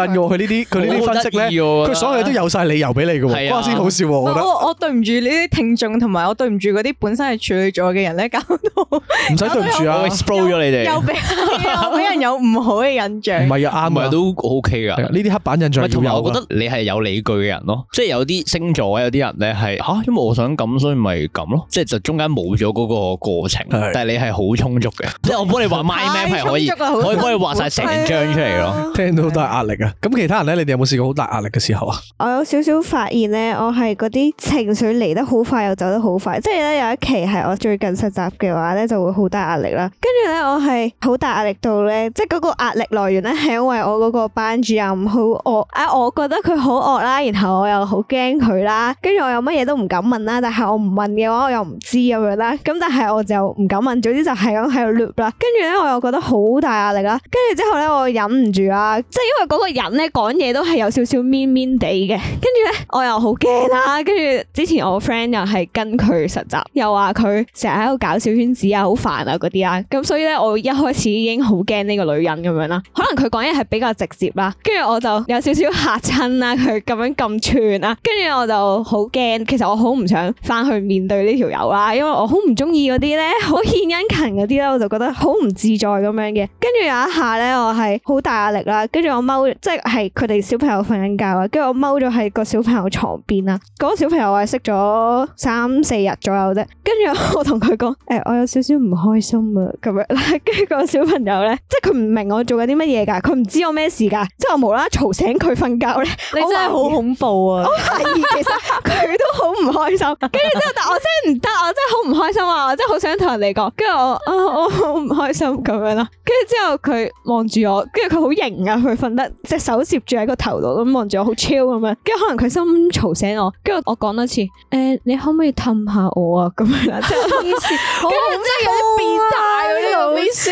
癮嘅喎，佢呢啲佢呢啲分析咧，佢所有嘢都有曬理由俾你嘅喎，啱先好笑喎！我我對唔住你啲聽眾，同埋我對唔住嗰啲本身係處女座嘅人咧，搞到唔使對唔住啊，explode 咗你哋，有俾人有唔好。印象唔係啊，啱啊都 O K 噶。呢啲黑板印象都有，同我覺得你係有理據嘅人咯。即係有啲星座有啲人咧係吓，因為我想咁，所以咪咁咯。即係就中間冇咗嗰個過程，是是但係你係好充足嘅。 即係我幫你畫 mind map 係可以，可以幫你畫晒成張出嚟咯。啊、聽到好大壓力啊！咁其他人咧，你哋有冇試過好大壓力嘅時候啊？我有少少發現咧，我係嗰啲情緒嚟得好快又走得好快，即係咧有一期係我最近實習嘅話咧就會好大壓力啦。跟住咧我係好大壓力到咧，即係嗰個壓力。來源咧係因為我嗰個班主任好惡，啊我覺得佢好惡啦，然後我又好驚佢啦，跟住我又乜嘢都唔敢問啦，但係我唔問嘅話我又唔知咁樣啦，咁但係我就唔敢問，總之就係咁喺度 loop 啦，跟住咧我又覺得好大壓力啦，跟住之後咧我忍唔住啦，即係因為嗰個人咧講嘢都係有少少 mean mean 哋嘅，跟住咧我又好驚啦，跟住之前我 friend 又係跟佢實習，又話佢成日喺度搞小圈子啊，好煩啊嗰啲啦，咁所以咧我一開始已經好驚呢個女人咁樣。可能佢講嘢係比較直接啦，跟住我就有少少嚇親啦，佢咁樣咁串啦，跟住我就好驚，其實我好唔想翻去面對呢條友啦，因為我好唔中意嗰啲咧，好獻殷勤嗰啲咧，我就覺得好唔自在咁樣嘅。跟住有一下咧，我係好大壓力啦，跟住我踎，即係佢哋小朋友瞓緊覺啊，跟住我踎咗喺個小朋友床邊啊，嗰個小朋友我係識咗三四日左右啫，跟住我同佢講，誒、欸，我有少少唔開心啊，咁樣啦，跟住個小朋友咧，即係佢唔明我做。有啲乜嘢噶？佢唔知我咩事噶，即係我無啦啦嘈醒佢瞓覺咧，你真係好恐怖啊！我懷疑其實佢都好唔開心，跟住之後但我真係唔得啊，真係好唔開心啊，我真係好想同人哋講。跟住我，我好唔開心咁樣啦。跟住之後佢望住我，跟住佢好型啊，佢瞓得，隻手攝住喺個頭度咁望住我，好 chill 咁樣。跟住可能佢心嘈醒我，跟住我講多次，誒，你可唔可以氹下我啊？咁樣啦，即係咁先。我真係好變態啲。老師，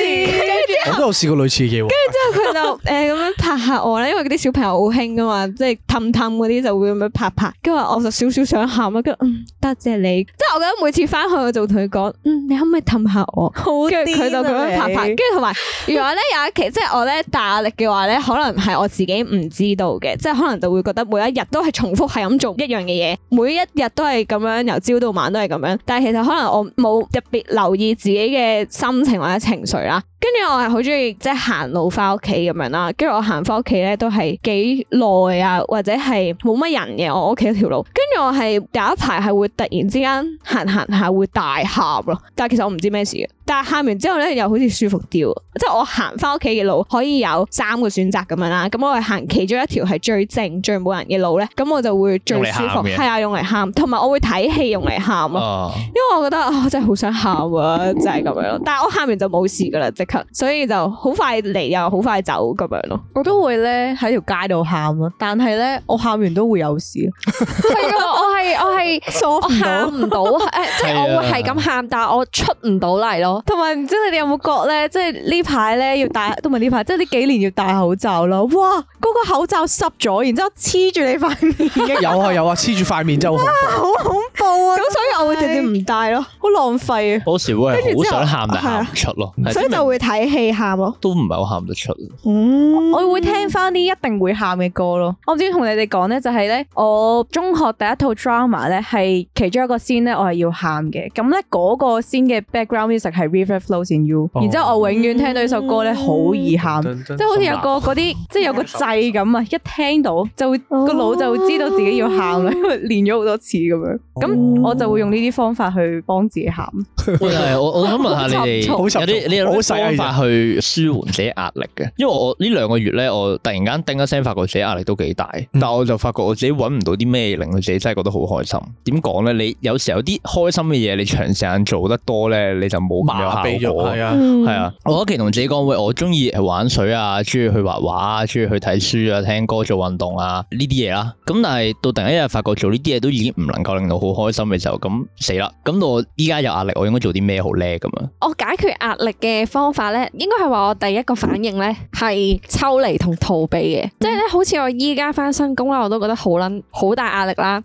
我都有試過類似嘅跟住之後佢就誒咁、 呃、樣拍下我啦，因為嗰啲小朋友好興噶嘛，即係氹氹嗰啲就會咁樣拍拍。跟住我就少少想喊啦，跟住嗯，多謝你。即係我覺得每次翻去我就同佢講，嗯，你可唔可以氹下我？好，跟住佢就咁樣拍拍。跟住同埋，如果咧有一期即係我咧大壓力嘅話咧，可能係我自己唔知道嘅，即係可能就會覺得每一日都係重複係咁做一樣嘅嘢，每一日都係咁樣由朝到晚都係咁樣。但係其實可能我冇特別留意自己嘅心情或者情緒啦。跟住我係好鍾意即係行路翻屋企咁樣啦，跟住我行翻屋企咧都係幾耐啊，或者係冇乜人嘅我屋企一條路，跟住我係有一排係會突然之間行行下會大喊咯，但係其實我唔知咩事嘅。但係喊完之後咧，又好似舒服啲，即係我行翻屋企嘅路可以有三個選擇咁樣啦。咁我係行其中一條係最靜最冇人嘅路咧，咁我就會最舒服。係啊，用嚟喊，同埋我會睇戲用嚟喊咯，哦、因為我覺得啊，哦、我真係好想喊啊，就係、是、咁樣咯。但係我喊完就冇事噶啦，即刻，所以就好快嚟又好快走咁樣咯。我都會咧喺條街度喊咯，但係咧我喊完都會有事。 我係我喊唔到，誒，即係我會係咁喊，但係我出唔到嚟咯。同埋唔知你哋有冇覺咧，即係呢排咧要戴，同埋呢排即係呢幾年要戴口罩咯。哇，嗰個口罩濕咗，然之後黐住你塊面，有啊有啊，黐住塊面就係好恐怖，好恐怖啊！咁所以我會直接唔戴咯，好浪費啊。有時會係好想喊，但喊唔出咯，所以就會睇戲喊咯，都唔係我喊得出。嗯，我會聽翻啲一定會喊嘅歌咯。我唔知同你哋講咧，就係咧，我中學第一套。Drama 咧，係其中一個 scene 咧，我係要喊嘅。咁咧個 scene 嘅 background music 係 River flows in you，然之後我永遠聽到呢首歌咧好易喊，即係好似有個嗰啲即係有個掣咁啊！一聽到就會個腦、哦、就會知道自己要喊啦，因為練咗好多次咁樣，咁我就會用呢啲方法去幫自己喊。就係、哦、 我我想問下你哋 重有啲咩方法去舒緩自己壓力嘅？ 因為我呢兩個月咧，我突然間叮一聲發覺自己壓力都幾大。但我就發覺我自己揾唔到啲咩令自己真係覺得好。好開心？點講咧？你有時候有啲開心嘅嘢，你長時間做得多咧，你就冇咁嘅效果。係啊，係、嗯、啊。我近期同自己講，喂，我中意玩水啊，中意去畫畫啊，中意去睇書啊，聽歌、做運動啊，呢啲嘢啦。咁但係到第一日發覺做呢啲嘢都已經唔能夠令到好開心嘅時候，咁死啦！咁到我依家有壓力，我應該做啲咩好叻咁啊？我解決壓力嘅方法咧，應該係話我第一個反應咧係抽離同逃避嘅，即係咧好似我依家翻新工啦，我都覺得好捻好大壓力啦。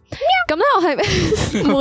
咁咧，我係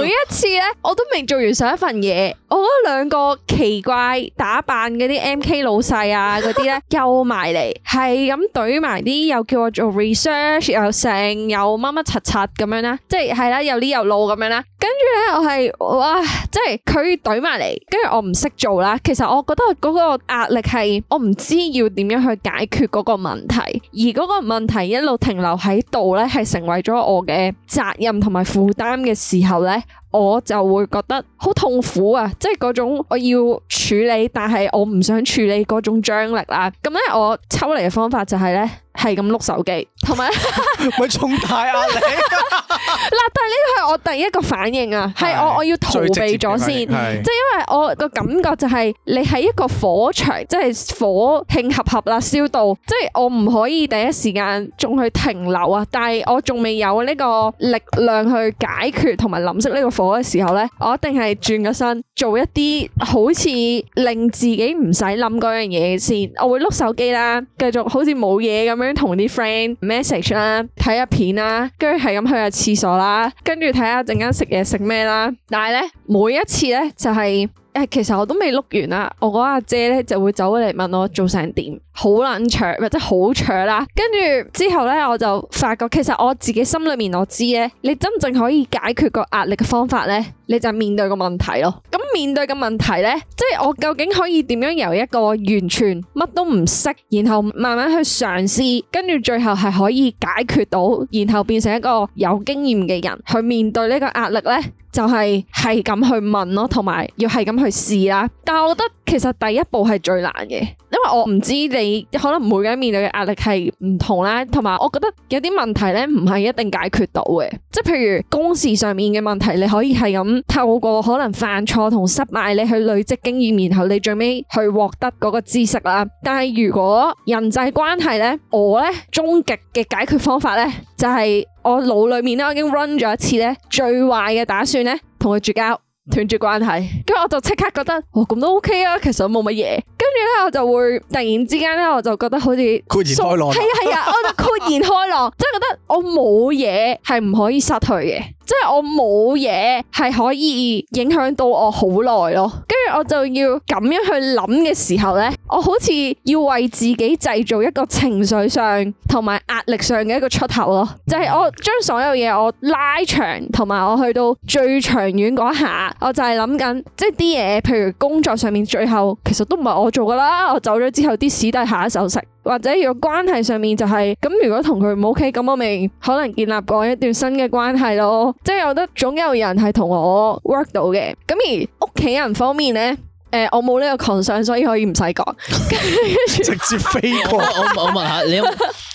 每一次咧，我都未做完上一份嘢，我嗰兩個奇怪打扮嗰啲 MK 老細啊，嗰啲咧又埋嚟，係咁懟埋啲，又叫我做 research，又成又乜乜柒柒咁樣啦，即係係啦，又呢又路咁樣啦。跟住咧，我係哇，即係佢懟埋嚟，跟住我唔識做啦。其實我覺得嗰個壓力係我唔知要點樣去解決嗰個問題，而嗰個問題一路停留喺度咧，係成為咗我嘅責任同埋。負擔嘅時候呢，我就會覺得好痛苦啊，即係嗰種我要處理，但係我唔想處理嗰種張力啦。咁咧，我抽離嘅方法就係咧，係咁碌手機，同埋咪仲大壓力嗱。但係呢個係我第一個反應啊，係我我要逃避咗先，即係因為我個感覺就係你喺一個火場，即係火慶合合啦，燒到，即係我唔可以第一時間仲去停留啊。但係我仲未有呢個力量去解決同埋淋熄呢個火。我嘅時候咧，我一定係轉個身做一啲好似令自己唔使諗嗰樣嘢先。我會碌手機啦，繼續好似冇嘢咁樣同啲 friend message 啦，睇下片啦，跟住係咁去下廁所啦，跟住睇下陣間食嘢食咩啦。但係咧，每一次咧就係、是、誒，其實我都未碌完啦，我個阿姐咧就會走嚟問我做成點。好難搶，或者好搶啦。跟住之後呢，我就發覺其實我自己心裏面我知呢，你真正可以解決個壓力嘅方法呢，你就面對個問題咯。咁面對個問題呢，即係我究竟可以點樣由一個完全乜都唔識，然後慢慢去嘗試，跟住最後係可以解決到，然後變成一個有經驗嘅人去面對呢個壓力呢，就係係咁去問咯，同埋要係咁去試啦。但係我覺得。其實第一步係最難嘅，因為我唔知你可能每個人面對嘅壓力係唔同啦，同埋我覺得有啲問題呢唔係一定解決到嘅，即係譬如公事上面嘅問題，你可以係咁透過可能犯錯同失敗，你去累積經驗，然後你最尾去獲得嗰個知識啦。但係如果人際關係呢，我呢，終極嘅解決方法呢，就係、是、我腦裏面呢，我已經 run 咗一次呢最壞嘅打算呢，同佢絕交。斷絕關係，跟住我就即刻覺得，哦，咁都 OK 啊，其實我冇乜嘢。跟住咧，我就會突然之間咧，我就覺得好似豁然開朗，係啊係啊，我就豁然開朗，即係覺得我冇嘢係唔可以失去嘅，即係我冇嘢係可以影響到我好耐咯。跟住我就要咁樣去諗嘅時候咧，我好似要為自己製造一個情緒上同埋壓力上嘅一個出口咯，就係我將所有嘢我拉長，同埋我去到最長遠嗰下。我就係諗緊，即係啲嘢，譬如工作上面最後其實都唔係我做噶啦，我走咗之後啲屎都係下一手食，或者如果關係上面就係、是、咁，如果同佢唔 OK，咁我咪可能建立過一段新嘅關係咯。即係有得總有人係同我 work 到嘅，咁而屋企人方面咧，誒、呃，我冇呢個 concern，所以可以唔使講， 直接飛過 我。我我問下你有有，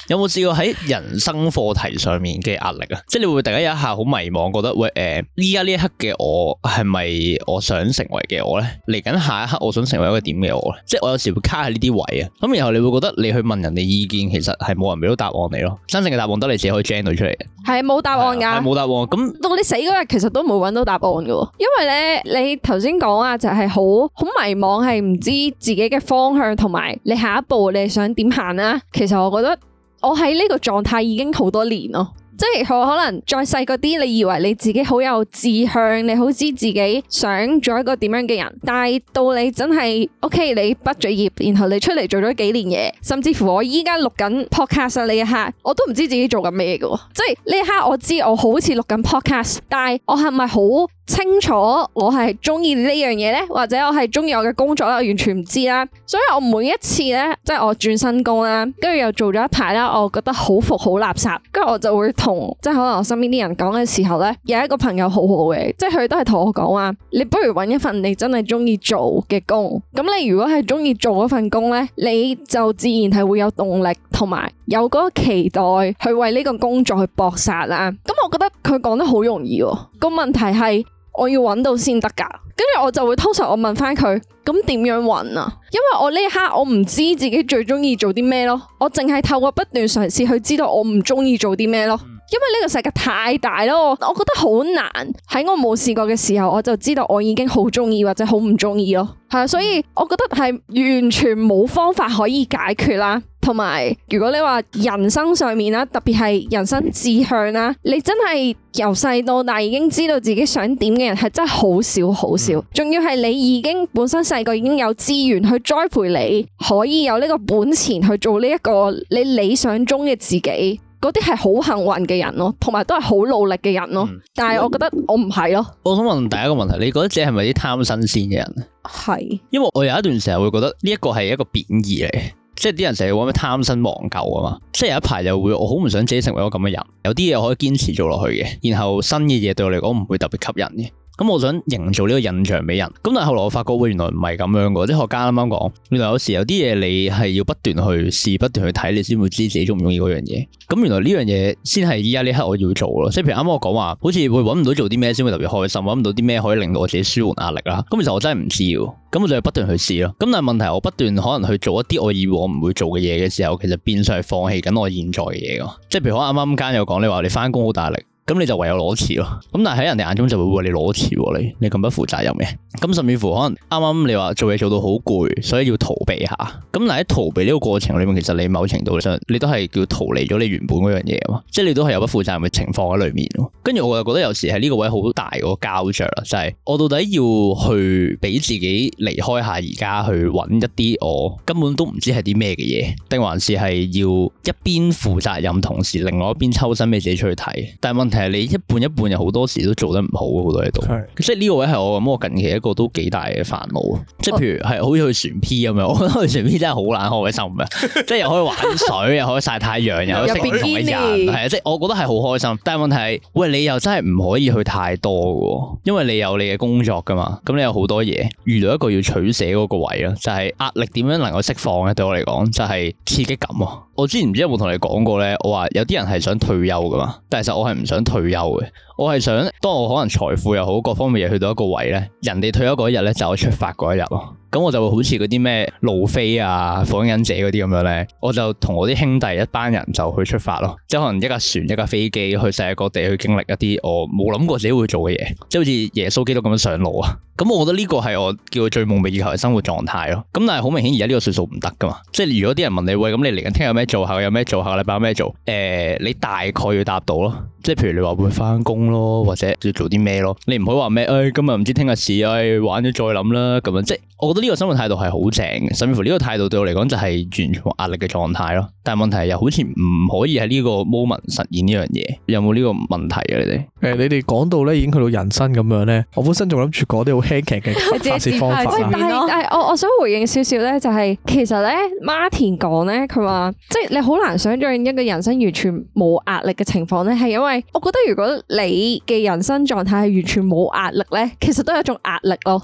有冇試過喺人生課題上面嘅壓力啊？即係你會，會突然間有一下好迷茫，覺得喂誒，依家呢一刻嘅我係咪我想成為嘅我咧？嚟緊下，下一刻我想成為一個點嘅我咧？即係我有時會卡喺呢啲位啊。咁然後你會覺得你去問人哋意見，其實係冇人俾到答案你咯。真正嘅答案得你自己可以 gen 到出嚟。係冇答案噶，冇、啊、答案。咁到你死嗰日，其實都冇搵到答案噶。因為咧，你頭先講啊，就係好好迷茫，係唔知自己嘅方向同埋你下一步你想點行啦。其實我覺得。我喺呢個狀態已經好多年咯，即係可能再細個啲，你以為你自己好有志向，你好知自己想做一個點樣嘅人，但係到你真係 OK，你畢咗業，然後你出嚟，做咗幾年嘢，甚至乎我依家錄緊 podcast，你一刻我都唔知自己做緊咩嘅，即係呢一刻我知我好似錄緊 podcast，但係我係咪好？清楚我係中意呢樣嘢呢，或者我係中意我嘅工作咧，我完全唔知啦。所以我每一次呢，即係我轉新工啦，跟住又做咗一排啦，我覺得好服好垃圾，跟住我就會同即係可能我身邊啲人講嘅時候呢，有一個朋友好好嘅，即係佢都係同我講話啊，你不如揾一份你真係中意做嘅工，咁你如果係中意做嗰份工呢，你就自然係會有動力，同埋有嗰個期待去為呢個工作去搏殺啦。咁我覺得佢講得好容易喎，個問題係。我要揾到先得㗎，跟住我就會通常我問返佢，咁點樣揾啊？因為我呢一刻我唔知道自己最中意做啲咩咯，我淨係透過不斷嘗試去知道我唔中意做啲咩咯。因為呢個世界太大咯，我覺得好難，喺我冇試過嘅時候，我就知道我已經好中意或者好唔中意咯，係啊，所以我覺得係完全冇方法可以解決啦。同埋，如果你話人生上面啦，特別係人生志向啦，你真係由細到大已經知道自己想點嘅人，係真係好少好少。仲要係你已經本身細個已經有資源去栽培你，可以有呢個本錢去做呢一個你理想中嘅自己。嗰啲係好幸運嘅人咯，同埋都係好努力嘅人咯，嗯、但係我覺得我唔係咯。我想問第一個問題，你覺得自己係咪啲貪新鮮嘅人？係是，因為我有一段時候會覺得呢一個係一個貶義嚟，即係啲人成日話咩貪新忘舊啊嘛，即係有一排就會我好唔想自己成為咗咁嘅人，有啲嘢可以堅持做落去嘅，然後新嘅嘢對我嚟講唔會特別吸引嘅。咁我想營造呢個印象俾人，咁但係後來我發覺，喂，原來唔係咁樣噶。即學家啱啱講，原來有時有啲嘢你係要不斷去試，不斷去睇，你先會知自己中唔中意嗰樣嘢。咁原來呢樣嘢先係依家呢刻我要做咯。即係譬如啱啱我講話，好似會揾唔到做啲咩先會特別開心，揾唔到啲咩可以令到我自己舒緩壓力啦。咁其實我真係唔知喎。咁我就係不斷去試咯。咁但係問題，我不斷可能去做一啲我以往唔會做嘅嘢嘅時候，其實變相係放棄緊我現在嘅嘢咯。即係譬如我啱啱間有講，你話你翻工好大力。咁你就唯有攞詞咯，咁但係喺人哋眼中就會話你攞詞，你你咁不負責任嘅，咁甚至乎可能啱啱你話做嘢做到好攰，所以要逃避下，咁但係喺逃避呢個過程裏面，其實你某程度上你都係叫逃離咗你原本嗰樣嘢嘛，即係你都係有不負責任嘅情況喺裏面。跟住我又覺得有時喺呢個位好大個膠著啦，就係、是、我到底要去俾自己離開下而家去揾一啲我根本都唔知係啲咩嘅嘢，定還是係要一邊負責任同，同時另外一邊抽身俾自己出去睇，但係問題。係你一半一半又好多時都做得唔好，好多喺度，即係呢個位係我咁，我近期一個都幾大嘅煩惱。即係譬如係、Oh. 好似去船 P 咁樣，我覺得去船 P 真係好難開心啊！ 即係又可以玩水， 又可以曬太陽，又可以識人，係啊！即係我覺得係好開心。但係問題係，喂，你又真係唔可以去太多噶，因為你有你嘅工作噶嘛。咁你有好多嘢，遇到一個要取捨嗰個位咯，就係、是、壓力點樣能夠釋放咧？對我嚟講，就係、是、刺激感啊！我之前唔知有冇同你講過咧，我話有啲人係想退休噶嘛，但係實我係唔想退休嘅。我係想，當我可能財富又好，各方面又去到一個位咧，人哋退休嗰一日咧，就我出發嗰一日咯。咁我就會好似嗰啲咩路飛啊、火影忍者嗰啲咁樣咧，我就同我啲兄弟一班人就去出發咯。即係可能一架船、一架飛機去世界各地去經歷一啲我冇諗過自己會做嘅嘢，即係好似耶穌基督咁樣上路啊。咁我覺得呢個係我叫佢最夢寐以求嘅生活狀態咯。咁但係好明顯而家呢個歲數唔得噶嘛。即係如果啲人問你喂，咁你嚟緊聽日有咩做下，有咩做下，禮拜有咩做？誒、欸，你大概要答到咯。即係譬如你話會翻工。咯，或者要做啲咩咯？你唔可以話咩？誒、哎，今日唔知聽日事，誒、哎，玩咗再諗啦。咁樣，即係我覺得呢個生活態度係好正嘅，甚至乎呢個態度對我嚟講就係完全無壓力嘅狀態咯。但係問題又好似唔可以喺呢個 moment 實現呢樣嘢，有冇呢個問題啊？你哋誒，你哋講到咧已經去到人生咁樣咧，我本身仲諗住講啲好輕鬆嘅發泄方法。 但係，我我想回應少少咧，就係其實咧，Martin 講咧，佢話即係你好難想象一個人生完全冇壓力嘅情況咧，係因為我覺得如果你你嘅人生狀態係完全冇壓力咧，其實都有一種壓力咯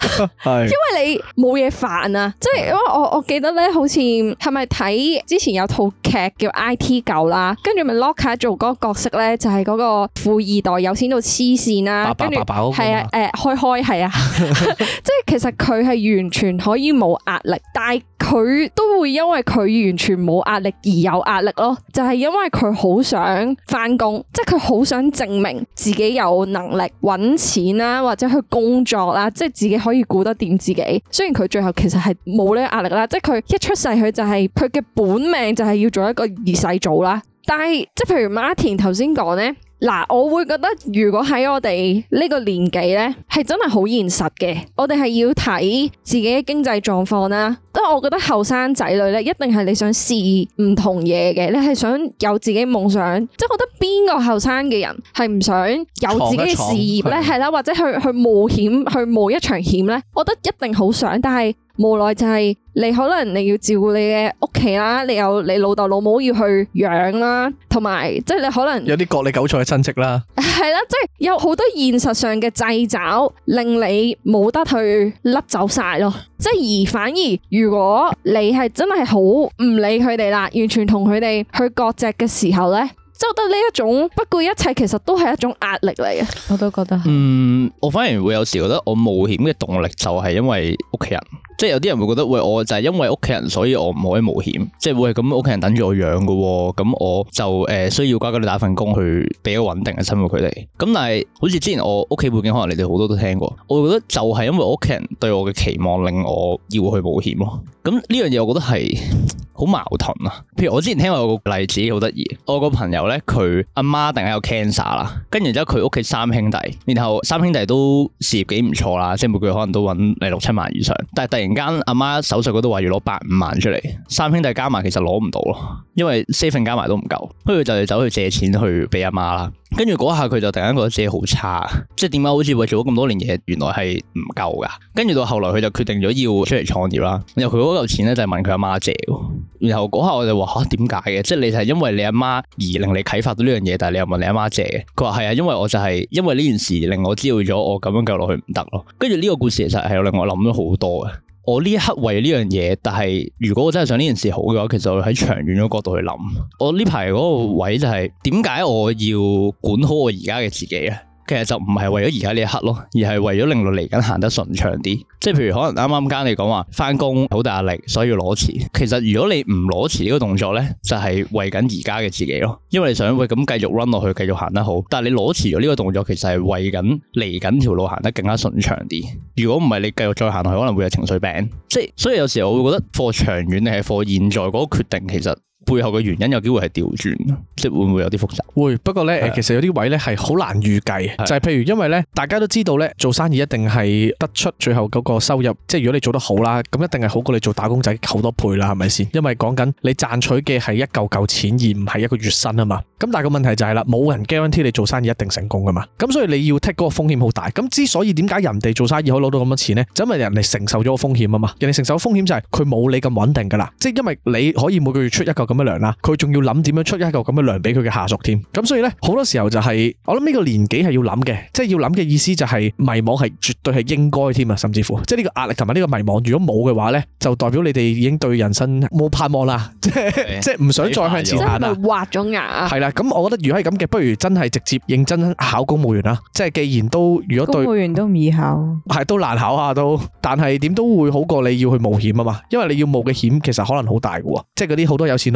是，係，因為你冇嘢煩啊，即係因為我我記得咧，好似係咪睇之前有套劇叫《I T 九》啦，跟住咪 Locker、er、做個角色咧，就係、是、個富二代有錢到黐線啦，跟住係啊，誒開開係啊， 即係其實佢係完全可以冇壓力，但係佢都會因為佢完全冇壓力而有壓力咯，就係、是、因為佢好想翻工，即係佢好想證明。明自己有能力搵錢啦，或者去工作啦，即係自己可以顧得掂自己。雖然佢最後其實係冇呢個壓力啦，即係佢一出世佢就係佢嘅本命就係要做一個二世祖啦。但係即係譬如 Martin 頭先講咧。嗱，我會覺得如果喺我哋呢個年紀咧，係真係好現實嘅。我哋係要睇自己嘅經濟狀況啦。都係我覺得後生仔女咧，一定係你想試唔同嘢嘅。你係想有自己夢想，即係覺得邊個後生嘅人係唔想有自己嘅事業咧？係啦，或者去去冒險去冒一場險咧？我覺得一定好想，但係，無奈就係你可能你要照顧你嘅屋企啦，你有你老豆老母要去養啦，同埋即係你可能有啲割你韭菜嘅親戚啦，係啦， 即、就、係、是、有好多現實上嘅掣肘令你冇得去甩走晒咯，即係而反而如果你係真係好唔理佢哋啦，完全同佢哋去割席嘅時候咧。即係覺得呢一種不顧一切，其實都係一種壓力嚟嘅。我都覺得，嗯，我反而會有時覺得我冒險嘅動力就係因為屋企人，即係有啲人會覺得喂，我就係因為屋企人，所以我唔可以冒險，即係會係咁屋企人等住我養噶，咁我就誒、呃、需要乖乖哋打一份工去俾個穩定嘅生活佢哋。咁但係好似之前我屋企背景，可能你哋好多都聽過，我會覺得就係因為屋企人對我嘅期望，令我要去冒險嘛。咁呢樣嘢，我覺得係好矛盾啊。譬如我之前聽過有個例子，好得意。我個朋友咧，佢阿媽突然間有 cancer 啦，跟住之後佢屋企三兄弟，然後三兄弟都事業幾唔錯啦，即係每個月可能都搵你六七萬以上。但係突然間阿媽手術嗰度話要攞八五萬出嚟，三兄弟加埋其實攞唔到咯，因為 saving 加埋都唔夠，跟住就走去借錢去畀阿媽啦。跟住嗰下佢就突然間覺得自己好差，即係點解好似會做咗咁多年嘢，原來係唔夠噶。跟住到後來佢就決定咗要出嚟創業啦。然後佢嗰嚿錢咧就係問佢阿媽借。然後嗰下我就話吓，點解嘅？即係你係因為你阿媽、媽而令你啟發到呢樣嘢，但係你又問你阿媽借。佢話係啊，因為我就係因為呢件事令我知道咗我咁樣救落去唔得咯。跟住呢個故事其實係令我諗咗好多嘅。我呢一刻為呢樣嘢，但係如果我真係想呢件事好嘅話，其實我會喺長遠嘅角度去諗。我呢排嗰個位就係點解我要管好我而家嘅自己啊？其實就唔係為咗而家呢一刻咯，而係為咗令到嚟緊行得順暢啲。即係譬如可能啱啱間你講話返工好大壓力，所以要裸辭。其實如果你唔裸辭呢個動作呢，就係、是、為緊而家嘅自己咯。因為你想會咁繼續 run 落去，繼續行得好。但係你裸辭咗呢個動作，其實係為緊嚟緊條路行得更加順暢啲。如果唔係，你繼續再行下去，可能會有情緒病。即係所以有時候我會覺得遠，放長遠定係放現在嗰個決定，其實。背後嘅原因有機會係調轉，即係會唔會有啲複雜？會，不過呢，是的 其實有啲位呢係好難預計，是的 就係譬如，因為呢，大家都知道呢，做生意一定係得出最後嗰個收入，即係如果你做得好啦，咁一定係好過你做打工仔好多倍啦，係咪先？因為講緊你賺取嘅係一嚿嚿錢，而唔係一個月薪啊嘛。咁但係個問題就係、是、啦，冇人 guarantee 你做生意一定成功噶嘛。咁所以你要 take 嗰個風險好大。咁之所以點解人哋做生意可以攞到咁多錢呢，就是、因為人哋承受咗個風險啊嘛。人哋承受嘅風險就係佢冇你咁穩定噶啦，即係因為你可以每個月出一嚿嚿。咁嘅糧啦，佢仲要諗點樣出一個咁嘅糧俾佢嘅下屬添。咁所以咧，好多時候就係、是、我諗呢個年紀係要諗嘅，即係要諗嘅意思就係、是、迷茫係絕對係應該添啊，甚至乎即係呢個壓力，同埋呢個迷茫，如果冇嘅話咧，就代表你哋已經對人生冇盼望啦，對 即係即係唔想再向前行啦。挖咗牙啊！係啦，咁我覺得如果係咁嘅，不如真係直接認真考,考公務員啦。即係既然都如果對公務員都唔易考，係、嗯、都難考下都。但係點都會好過你要去冒險啊嘛，因為你要冒嘅險其實可能好大噶喎，即係嗰啲好多有錢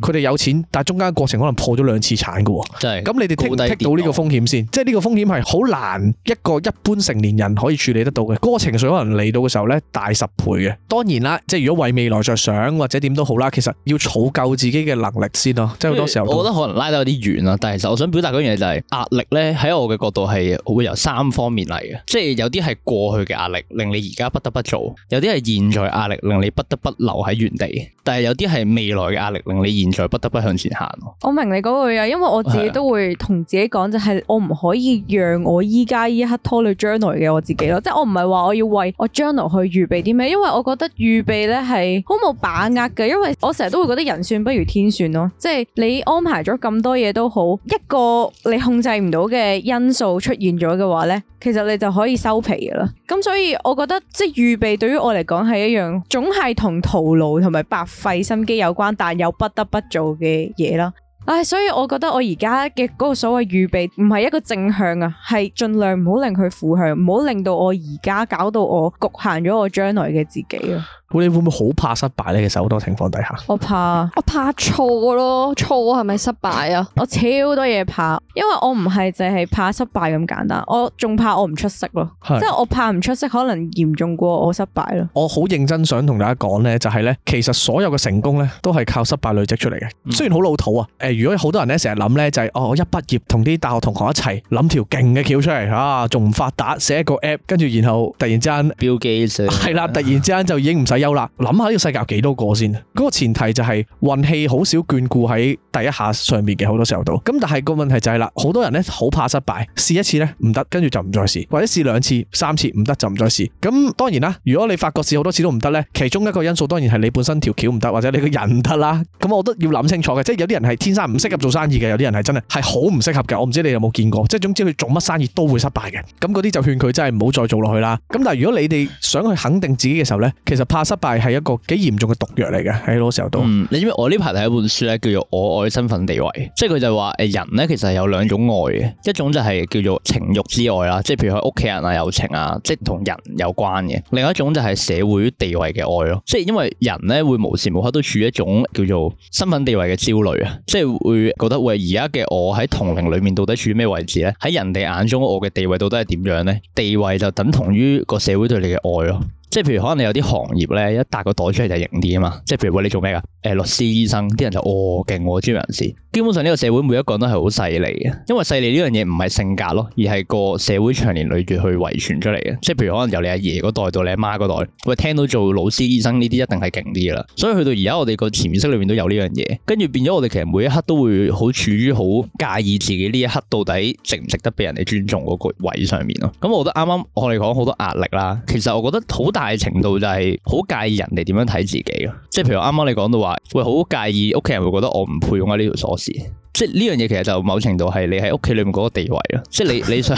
佢哋有錢，但係中間嘅過程可能破咗兩次產嘅、哦，咁你哋剔到呢個風險先，即係呢個風險係好難一個一般成年人可以處理得到嘅，嗰、嗰個情緒可能嚟到嘅時候呢，大十倍嘅。當然啦，即係如果為未來着想或者點都好啦，其實要儲夠自己嘅能力先咯、哦。即係好多時候，我覺得可能拉得有啲遠啦，但係其實我想表達嗰樣嘢就係、係、壓力呢喺我嘅角度係會由三方面嚟嘅，即係有啲係過去嘅壓力令你而家不得不做，有啲係現在壓力令你不得不留喺原地，但係有啲係未來嘅壓力。你現在不得不向前行。我明你嗰句啊，因為我自己都會同自己講，就係我唔可以讓我依家依一刻拖累將來嘅我自己咯。即係我唔係話我要為我將來去預備啲咩，因為我覺得預備咧係好冇把握嘅。因為我成日都會覺得人算不如天算咯。即係你安排咗咁多嘢都好，一個你控制唔到嘅因素出現咗嘅話咧。其實你就可以收皮嘅啦，咁所以我覺得即係預備對於我嚟講係一樣總係同徒勞同埋白費心機有關，但又不得不做嘅嘢啦。唉，所以我覺得我而家嘅嗰個所謂預備唔係一個正向啊，係盡量唔好令佢負向，唔好令到我而家搞到我局限咗我將來嘅自己。會，你會唔會好怕失敗呢？其實好多情況底下，我怕， 我怕錯咯，錯係咪失敗啊？我超多嘢怕，因為我唔係淨係怕失敗咁簡單，我仲怕我唔出色咯，是即係我怕唔出色可能嚴重過我失敗咯。我好認真想同大家講呢，就係呢，其實所有嘅成功呢，都係靠失敗累積出嚟嘅，嗯、雖然好老土啊。誒，如果好多人呢，成日諗呢，就係哦，我一畢業同啲大學同學一齊諗條勁嘅橋出嚟啊，仲唔發達，寫一個 app，跟住然後突然之間，標機水係啦，突然之間就已經唔使。有啦，諗下呢個世界有幾多個先？嗰個前提就係運氣好少眷顧喺第一下上面嘅，好多時候都咁。但係個問題就係啦，好多人呢好怕失敗，試一次呢唔得，跟住就唔再試，或者試兩次、三次唔得就唔再試。咁當然啦，如果你發覺試好多次都唔得呢，其中一個因素當然係你本身條橋唔得，或者你個人唔得啦。咁我都要諗清楚嘅，即係有啲人係天生唔適合做生意嘅，有啲人係真係係好唔適合嘅。我唔知你有冇見過，即係總之佢做乜生意都會失敗嘅。咁嗰啲就勸佢真係唔好再做落去啦。咁但係如果你哋想去肯定自己嘅時候呢，其實怕。失敗係一個幾嚴重嘅毒藥嚟嘅，喺老時候都，嗯，你知唔知我呢排睇一本書咧，叫做《我愛身份地位》，即係佢就話，誒，人咧其實係有兩種愛嘅，一種就係叫做情欲之愛啦，即係譬如喺屋企人啊、友情啊，即係同人有關嘅；另外一種就係社會地位嘅愛咯，即係因為人咧會無時無刻都處於一種叫做身份地位嘅焦慮啊，即係會覺得喂，而家嘅我喺同齡裏面到底處於咩位置咧？喺人哋眼中的我嘅地位到底係點樣咧？地位就等同於個社會對你嘅愛咯。即係譬如可能你有啲行業咧，一帶個袋出嚟就型啲啊嘛，即係譬如話，你做咩噶？誒、哎、律師、醫生啲人就哦，勁，我專業人士。基本上呢個社會每一個人都係好勢利嘅，因為勢利呢樣嘢唔係性格咯，而係個社會長年累月去遺傳出嚟嘅。即係譬如可能由你阿爺嗰代到你阿媽嗰代，喂，聽到做老師、醫生呢啲一定係勁啲啦。所以去到而家我哋個潛意識裏面都有呢樣嘢，跟住變咗我哋其實每一刻都會好處於好介意自己呢一刻到底值唔值得俾人哋尊重嗰個位上面咯。咁我覺得啱啱我哋講好多壓力啦，其實我覺得好大。嘅程度就係好介意人哋點樣睇自己咯，即係譬如啱啱你講到話，會好介意屋企人會覺得我唔配用緊呢條鎖匙。即係呢樣嘢，其實就某程度係你喺屋企裏面嗰個地位咯。即係你你想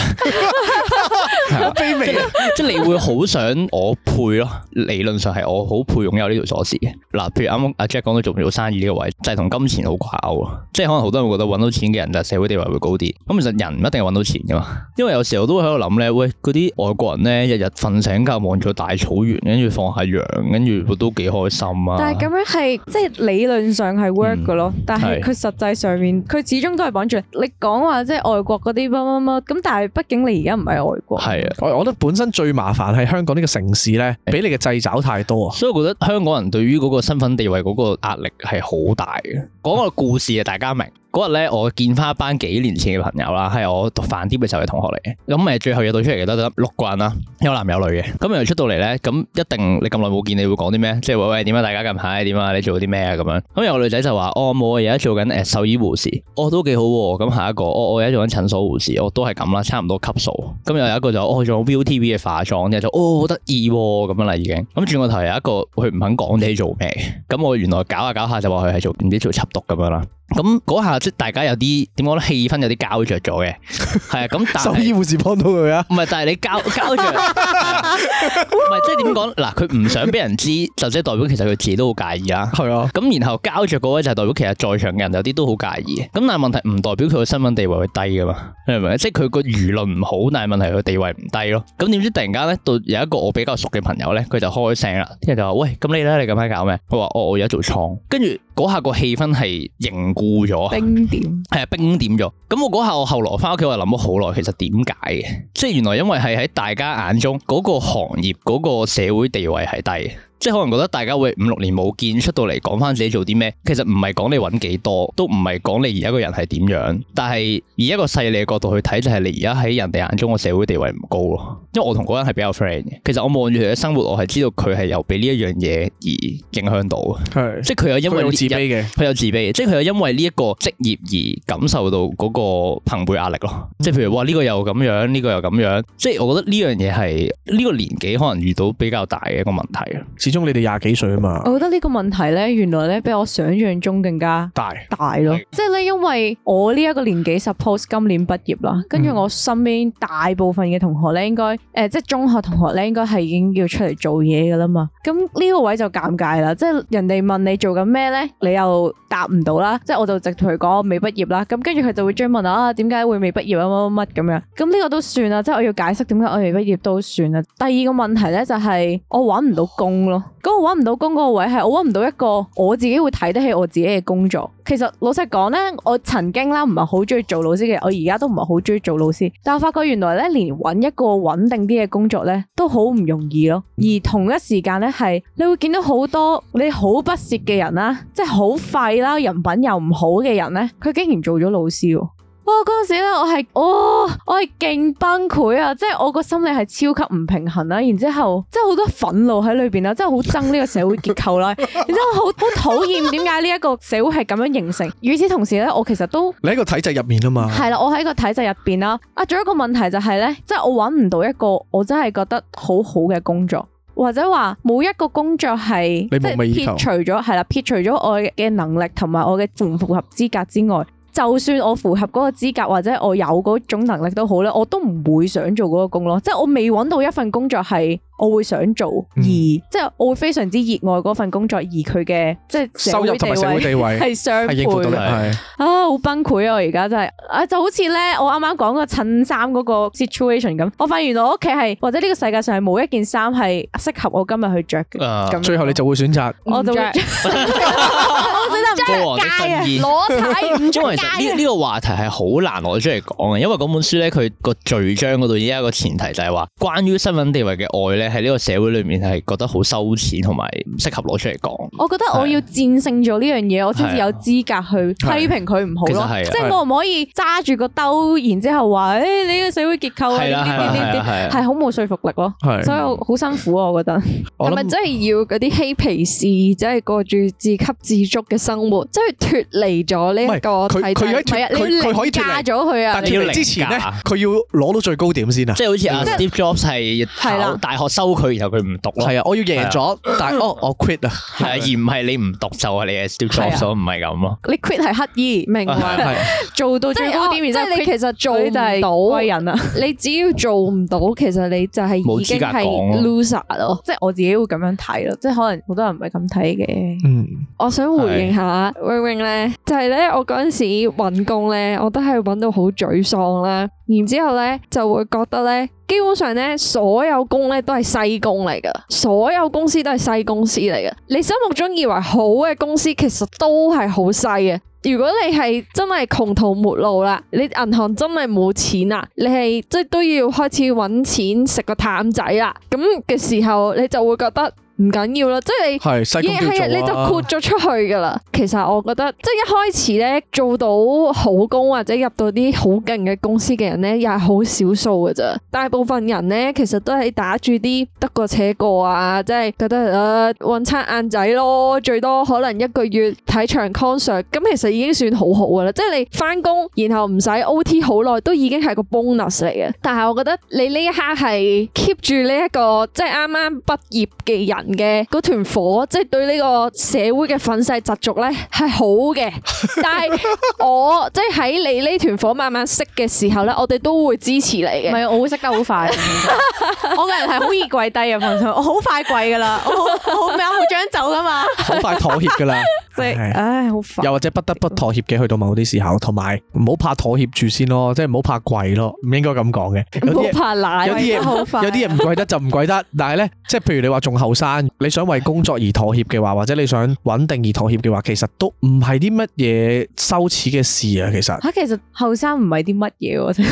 即係 你會好想我配咯。理論上係我好配擁有呢條鎖匙嘅。嗱，譬如啱啱阿 Jack 講到做唔到生意呢、呢個位，就係、係、同金錢好掛鈎啊。即係可能好多人會覺得揾到錢嘅人就社會地位會高啲。咁其實人唔一定揾到錢噶嘛。因為有時候都會喺度諗咧，喂嗰啲外國人咧日日瞓醒覺望住大草原，跟住放下羊，跟住都幾開心啊。但係咁樣係即係理論上係 work 噶咯，嗯、但係佢實際上面。佢始終都係綁住你，講話即係外國嗰啲乜乜乜，咁但係畢竟你而家唔係外國。係啊，我我覺得本身最麻煩係香港呢個城市咧，俾你嘅掣肘太多啊，所以我覺得香港人對於嗰個身份地位嗰個壓力係好大嘅。講個故事啊， 大家明白。嗰日咧，我見翻一班幾年前嘅朋友啦，係我讀飯店嘅時候嘅同學嚟嘅。咁咪最後約到出嚟嘅得得六個人啦，有男有女嘅。咁又出到嚟咧，咁一定你咁耐冇見，你會講啲咩？即係喂喂，點啊？大家近排點啊？你做啲咩啊？咁樣。咁有個女仔就話，哦，冇啊，而家做緊誒獸醫護士，哦都幾好喎、啊。咁下一個，哦、我我而家做緊診所護士，我都係咁啦，差唔多級數。咁又有一個就，哦，做 ViuTV 嘅化妝嘅，就哦好得意喎，咁、啊、樣啦已經。咁轉個頭有一個佢唔肯講你做咩，咁 我原來搞下搞下就話佢係做唔知做緝毒咁樣啦。咁嗰下即係大家有啲點講咧，氣氛有啲膠着咗嘅，係啊。咁但係醫護士幫到佢啊。唔係，但係你膠膠着，唔係即係點講嗱？佢唔 想俾人知，就即、是、係代表其實佢自己都好介意啊。係啊。咁然後膠着嗰位就代表其實在場嘅人有啲都好介意。咁但係問題唔代表佢嘅身份地位會低噶嘛？你明唔明？即係佢個輿論唔好，但係問題佢地位唔低咯。咁點知突然間咧，到有一個我比較熟嘅朋友咧，佢就開聲啦，啲人就話：喂，咁你咧，你近排搞咩？佢話：哦，我而家做廠，跟住。嗰下個氣氛係凝固咗點，冰點，係啊，冰點咗。咁我嗰下我後來返屋企，我就諗咗好耐，其實點解嘅？即係原來因為係喺大家眼中嗰個行業嗰個社會地位係低，即係可能覺得大家會五六年冇見，出到嚟講翻自己做啲咩，其實唔係講你揾幾多，都唔係講你而家一個人係點樣，但係以一個細膩嘅角度去睇，就係、是、你而家喺人哋眼中個社會地位唔高咯。因為我同嗰人係比較 friend 嘅，其實我望住佢嘅生活，我係知道佢係由俾呢一樣嘢而影響到是即係佢又因為自卑嘅，佢有自卑即係佢又因為呢一個職業而感受到嗰個朋輩壓力咯。即係譬如哇，呢、這個又咁樣，呢、這個又咁樣，即係我覺得呢樣嘢係呢個年紀可能遇到比較大嘅一個問題。中你哋廿幾歲啊嘛？我覺得呢個問題咧，原來咧比我想象中更加大大咯。 即係咧，因為我呢一個年紀，suppose 今年畢業啦，跟住我身邊大部分嘅同學咧，應該誒，即係中學同學咧，應該係已經要出嚟做嘢噶啦嘛。咁呢個位就尷尬啦。即係人哋問你做緊咩咧，你又答唔到啦。即係我就直同佢講未畢業啦。咁跟住佢就會追問啊，點解會未畢業啊？乜乜乜咁樣？咁呢個都算啦。即係我要解釋點解我未畢業都算啦。第二個問題咧就係我搵唔到工咯。嗰個搵唔到工嗰個位係我搵唔到一個我自己會睇得起我自己嘅工作。其實老實講咧，我曾經啦唔係好中意做老師嘅，我而家都唔係好中意做老師。但我發覺原來咧，連搵一個穩定啲嘅工作咧都好唔容易咯。而同一時間咧係，你會見到好多你好不屑嘅人啦，即係好廢啦，人品又唔好嘅人咧，佢竟然做咗老師喎。嗰陣時咧，哦，我係，我我係勁崩潰啊！即係我個心理係超級唔平衡啦，然之後即係好多憤怒喺裏邊啦，即係好 憎呢個社會結構啦， 然之後好好討厭點解呢一個社會係咁樣形成。與此同時咧，我其實都你喺個體制入面啊嘛，係啦，我喺個體制入邊啦。啊，仲有一個問題就係、是、咧，即係我搵唔到一個我真係覺得好好嘅工作，或者話冇一個工作係撇除咗，係啦，撇除咗我嘅能力同埋我嘅符唔符合資格之外。就算我符合嗰個資格或者我有嗰種能力都好咧，我都唔會想做嗰個工咯。即係我未揾到一份工作係。我會想做，而即係我會非常之熱愛嗰份工作，而佢嘅即係收入同埋社會地位係雙倍，係啊，好崩潰啊！而家真係啊，就好似咧，我啱啱講個襯衫嗰個 situation 咁，我發現我屋企係或者呢個世界上係冇一件衫係適合我今日去着嘅。咁最後你就會選擇我就國王的襯衫裸體。因為呢呢個話題係好難攞出嚟講嘅，因為嗰本書咧，佢個序章嗰度依家一個前提就係話關於身份地位嘅愛喺呢個社會裏面係覺得好羞恥，同埋唔適合攞出嚟講。我覺得我要戰勝咗呢樣嘢，我先至有資格去批評佢唔好咯。即係我唔可以揸住個兜，然之後話誒呢個社會結構係好冇說服力咯。所以好辛苦啊，我覺得。係咪真係要嗰啲嬉皮士，即係過住自給自足嘅生活，即係脱離咗呢一個佢佢可以炸咗佢啊！但係脱離之前佢要攞到最高點先啊！即係好似阿 Steve Jobs 係考大學。收佢，然後佢唔讀咯。係啊，我要贏咗，但係我我 quit 啊。係啊，而唔係你唔讀就係你係掉 job 咗，唔係咁咯。你 quit 係乞衣，明白？做到最高點，然之後你其實做就唔到威人啊。你只要做唔到，其實你就係已經係 loser 咯。即係我自己會咁樣睇咯，即係可能好多人唔係咁睇嘅。嗯，我想回應下 Wing Wing 咧，就係咧，我嗰陣時揾工咧，我都係揾到好沮喪啦，然之後咧就會覺得咧。基本上咧，所有公咧都係細公嚟㗎。所有公司都係細公司嚟㗎。你心目中以為好嘅公司，其實都係好細嘅。如果你係真係窮途末路啦，你銀行真係冇錢啦，你係即係都要開始搵錢食個膽仔啦。咁嘅時候，你就會覺得。唔緊要啦，即係你已經係，你就豁咗出去噶啦。啊、其實我覺得，即係一開始咧做到好工或者入到啲好勁嘅公司嘅人咧，又係好少數噶咋。大部分人咧，其實都係打住啲得過且過啊，即係覺得誒搵餐晏仔咯，最多可能一個月睇場 concert。咁其實已經算好好噶啦，即係你翻工然後唔使 OT 好耐，都已經係個 bonus 嚟嘅。但係我覺得你呢一刻係 keep 住呢一個，即係啱啱畢業嘅人。嘅嗰團火，即係對呢個社會嘅憤世嫉俗咧係好嘅， 但係我即係喺你呢團火慢慢熄嘅時候咧，我哋都會支持你嘅。唔係，我會熄得好快。 我個人係好易跪低啊，馮生， 我好快跪噶啦，我我唔係好想走噶嘛，好快妥協噶啦，即係 是唉，好快。又或者不得不妥協嘅，去到某啲時候，同埋唔好怕妥協住先咯，即係唔好怕跪咯，唔應該咁講嘅。唔好怕奶，奶有，有啲嘢好快，有啲嘢唔跪得就唔跪得。但係咧，即係譬如你話仲後生。你想為工作而妥協嘅話，或者你想穩定而妥協嘅話，其實都唔係啲乜嘢羞恥嘅事啊！其實吓、啊，其實後生唔係啲乜嘢，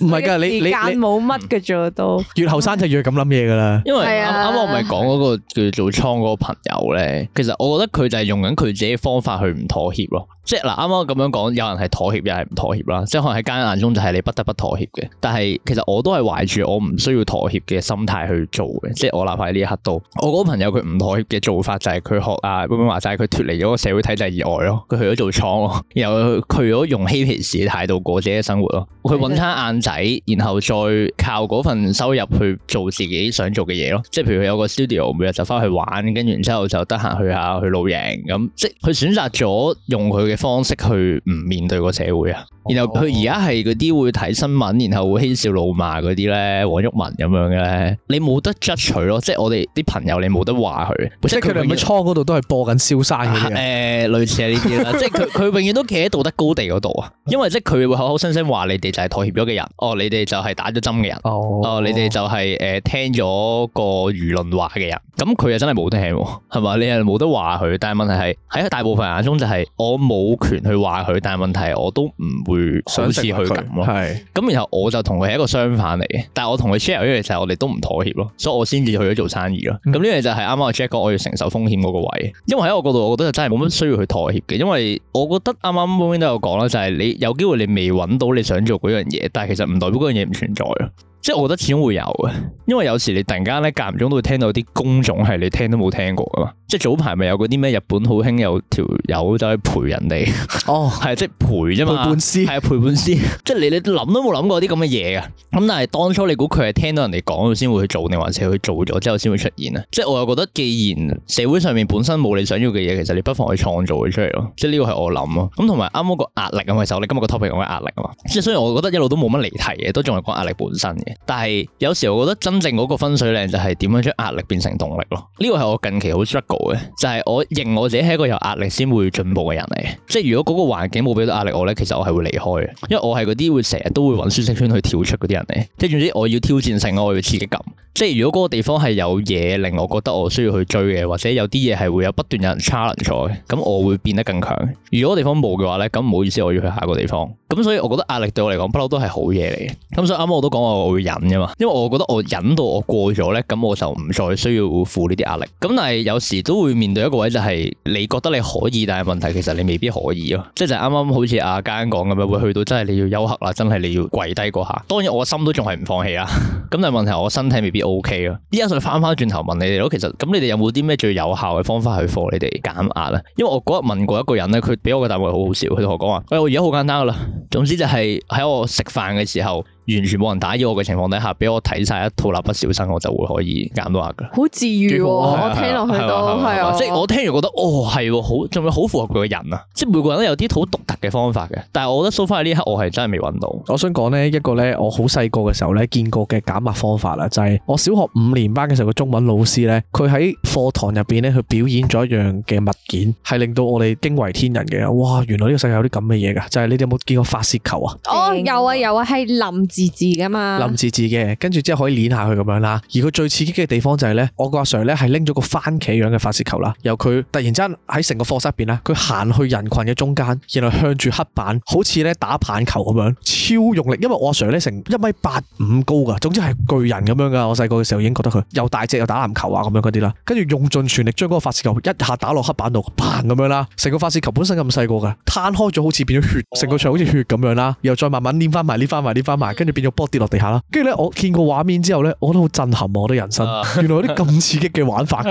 唔係噶，你你冇乜嘅啫都，嗯、越後生就越咁諗嘢噶啦。因為啱啱我唔係講嗰個叫做倉嗰個朋友咧，其實我覺得佢就係用緊佢自己方法去唔妥協咯。即係嗱，啱啱咁樣講，有人係妥協，又係唔妥協啦。即、就、係、是、可能喺家人眼中就係你不得不妥協嘅，但係其實我都係懷住我唔需要妥協嘅心態去做嘅。即、就、係、是、我立喺呢一刻度，我小朋友佢唔妥協嘅做法就係佢學啊，咁樣話齋佢脫離咗個社會體制以外咯，佢去咗做廠，然後佢去咗用嬉皮士嘅態度過自己生活咯。佢搵餐晏仔，然後再靠嗰份收入去做自己想做嘅嘢咯。即係譬如佢有個 studio，每日就翻去玩，跟住之後就得閒去下去露營咁。即係佢選擇咗用佢嘅方式去唔面對個社會啊。然後佢而家係嗰啲會睇新聞，然後會嬉笑怒罵嗰啲咧，黃毓民咁樣嘅咧，你冇得 judge 咯，即係我哋啲朋友，你冇得話佢，即係佢哋嘅倉嗰度都係播緊、啊《蕭生嘅，誒，類似係呢啲啦， 即係佢佢永遠都企喺道德高地嗰度啊，因為即係佢會口口聲聲話你哋就係妥協咗嘅人，哦，你哋就係打咗針嘅人，哦，哦，哦，你哋就係、是、誒、呃、聽咗個輿論話嘅人，咁佢又真係冇得聽，係嘛？你係冇得話佢，但係問題係喺大部分人眼中就係我冇權去話佢，但係問題我都唔會。會好似去咁咯，係咁然後我就同佢係一個相反嚟嘅，是但係我同佢 share 呢樣就係我哋都唔妥協咯，所以我先至去咗做生意咯。咁呢樣就係啱啱阿 Jack 講我要承受風險嗰個位，因為喺我角度，我覺得就真係冇乜需要去妥協嘅，因為我覺得啱啱 Bowen 都有講啦，就係、是、你有機會你未搵到你想做嗰樣嘢，但係其實唔代表嗰樣嘢唔存在啊。即係我覺得始終會有嘅，因為有時你突然間咧，間唔中都會聽到啲工種係你聽都冇聽過噶嘛。即係早排咪有嗰啲咩日本好興有條友走去陪人哋，哦，係 即係陪啫嘛，啊，陪伴師，係啊， 陪伴師。即係你你諗都冇諗過啲咁嘅嘢噶。咁但係當初你估佢係聽到人哋講咗先會去做，定還是去做咗之後先會出現咧？即係我又覺得既然社會上面本身冇你想要嘅嘢，其實你不妨去創造佢出嚟咯。即係呢個係我諗咯。咁同埋啱啱個壓力啊，為首，你今日個 topic 講緊壓力啊嘛。即係雖然我覺得一路都冇乜離題嘅，都仲係講壓力本身嘅。但係有時候我覺得真正嗰個分水嶺就係點樣將壓力變成動力咯。呢個係我近期好 struggle 嘅，就係我認我自己係一個有壓力先會進步嘅人嚟。即係如果嗰個環境冇俾到壓力我咧，其實我係會離開嘅。因為我係嗰啲會成日都會揾舒適圈去跳出嗰啲人嚟。即係總之我要挑戰性，我要刺激感。即係如果嗰個地方係有嘢令我覺得我需要去追嘅，或者有啲嘢係會有不斷有人 challenge 我嘅，咁，我會變得更強。如果地方冇嘅話咧，咁唔好意思，我要去下一個地方。咁所以我覺得壓力對我嚟講不嬲都係好嘢嚟。咁所以啱啱我都講話我會。忍噶嘛，因為我覺得我忍到我過咗咧，咁我就唔再需要負呢啲壓力。咁但係有時都會面對一個位，就係你覺得你可以，但係問題其實你未必可以咯。即係就啱啱好似阿嘉講咁樣，會去到真係你要休克啦，真係你要跪低嗰下。當然我心都仲係唔放棄啦。咁但係問題我身體未必 OK 咯。依家我哋翻翻轉頭問你哋咯，其實咁你哋有冇啲咩最有效嘅方法去放你哋減壓咧？因為我嗰日問過一個人咧，佢俾我嘅答案好好笑。佢同我講話，喂，我而家好簡單噶啦，總之就係喺我食飯嘅時候。完全冇人打擾我嘅情況底下，俾我睇晒一套蠟《蠟筆小新》，我就會可以減到壓噶。好治癒、哦，乎啊、我聽落去都係啊！即係我聽完覺得，哦係，好仲有好符合佢嘅人啊！即係每個人都有啲好獨特嘅方法嘅，但係我覺得 so far 喺呢刻我係真係未揾到。我想講呢一個呢，我好細個嘅時候呢，見過嘅減壓方法啦，就係、是、我小學五年班嘅時候嘅中文老師呢，佢喺課堂入邊呢，佢表演咗一樣嘅物件，係令到我哋驚為天人嘅。哇！原來呢個世界有啲咁嘅嘢㗎，就係、是、你哋有冇見過發洩球、嗯 oh, 啊？哦，有啊有啊，係、啊、林。腍腍噶嘛，腍腍嘅，跟住之後可以鏈下佢咁樣啦。而佢最刺激嘅地方就係咧，我個阿 sir 咧係拎咗個番茄樣嘅發洩球啦，由佢突然間喺成個課室入邊咧，佢行去人群嘅中間，然後向住黑板，好似咧打棒球咁樣，超用力。因為我阿 sir 咧成一米八五高噶，總之係巨人咁樣噶。我細個嘅時候已經覺得佢又大隻又打籃球啊咁樣嗰啲啦，跟住用盡全力將嗰個發洩球一下打落黑板度，嘭咁樣啦。成個發洩球本身咁細個噶，攤開咗好似變咗血，成個場好似血咁樣啦，然後再慢慢黏翻埋黏翻埋黏翻埋。跟住變咗波跌落地下啦，跟住咧我見過畫面之後咧，我都好震撼啊！我嘅人生，原來有啲咁刺激嘅玩法。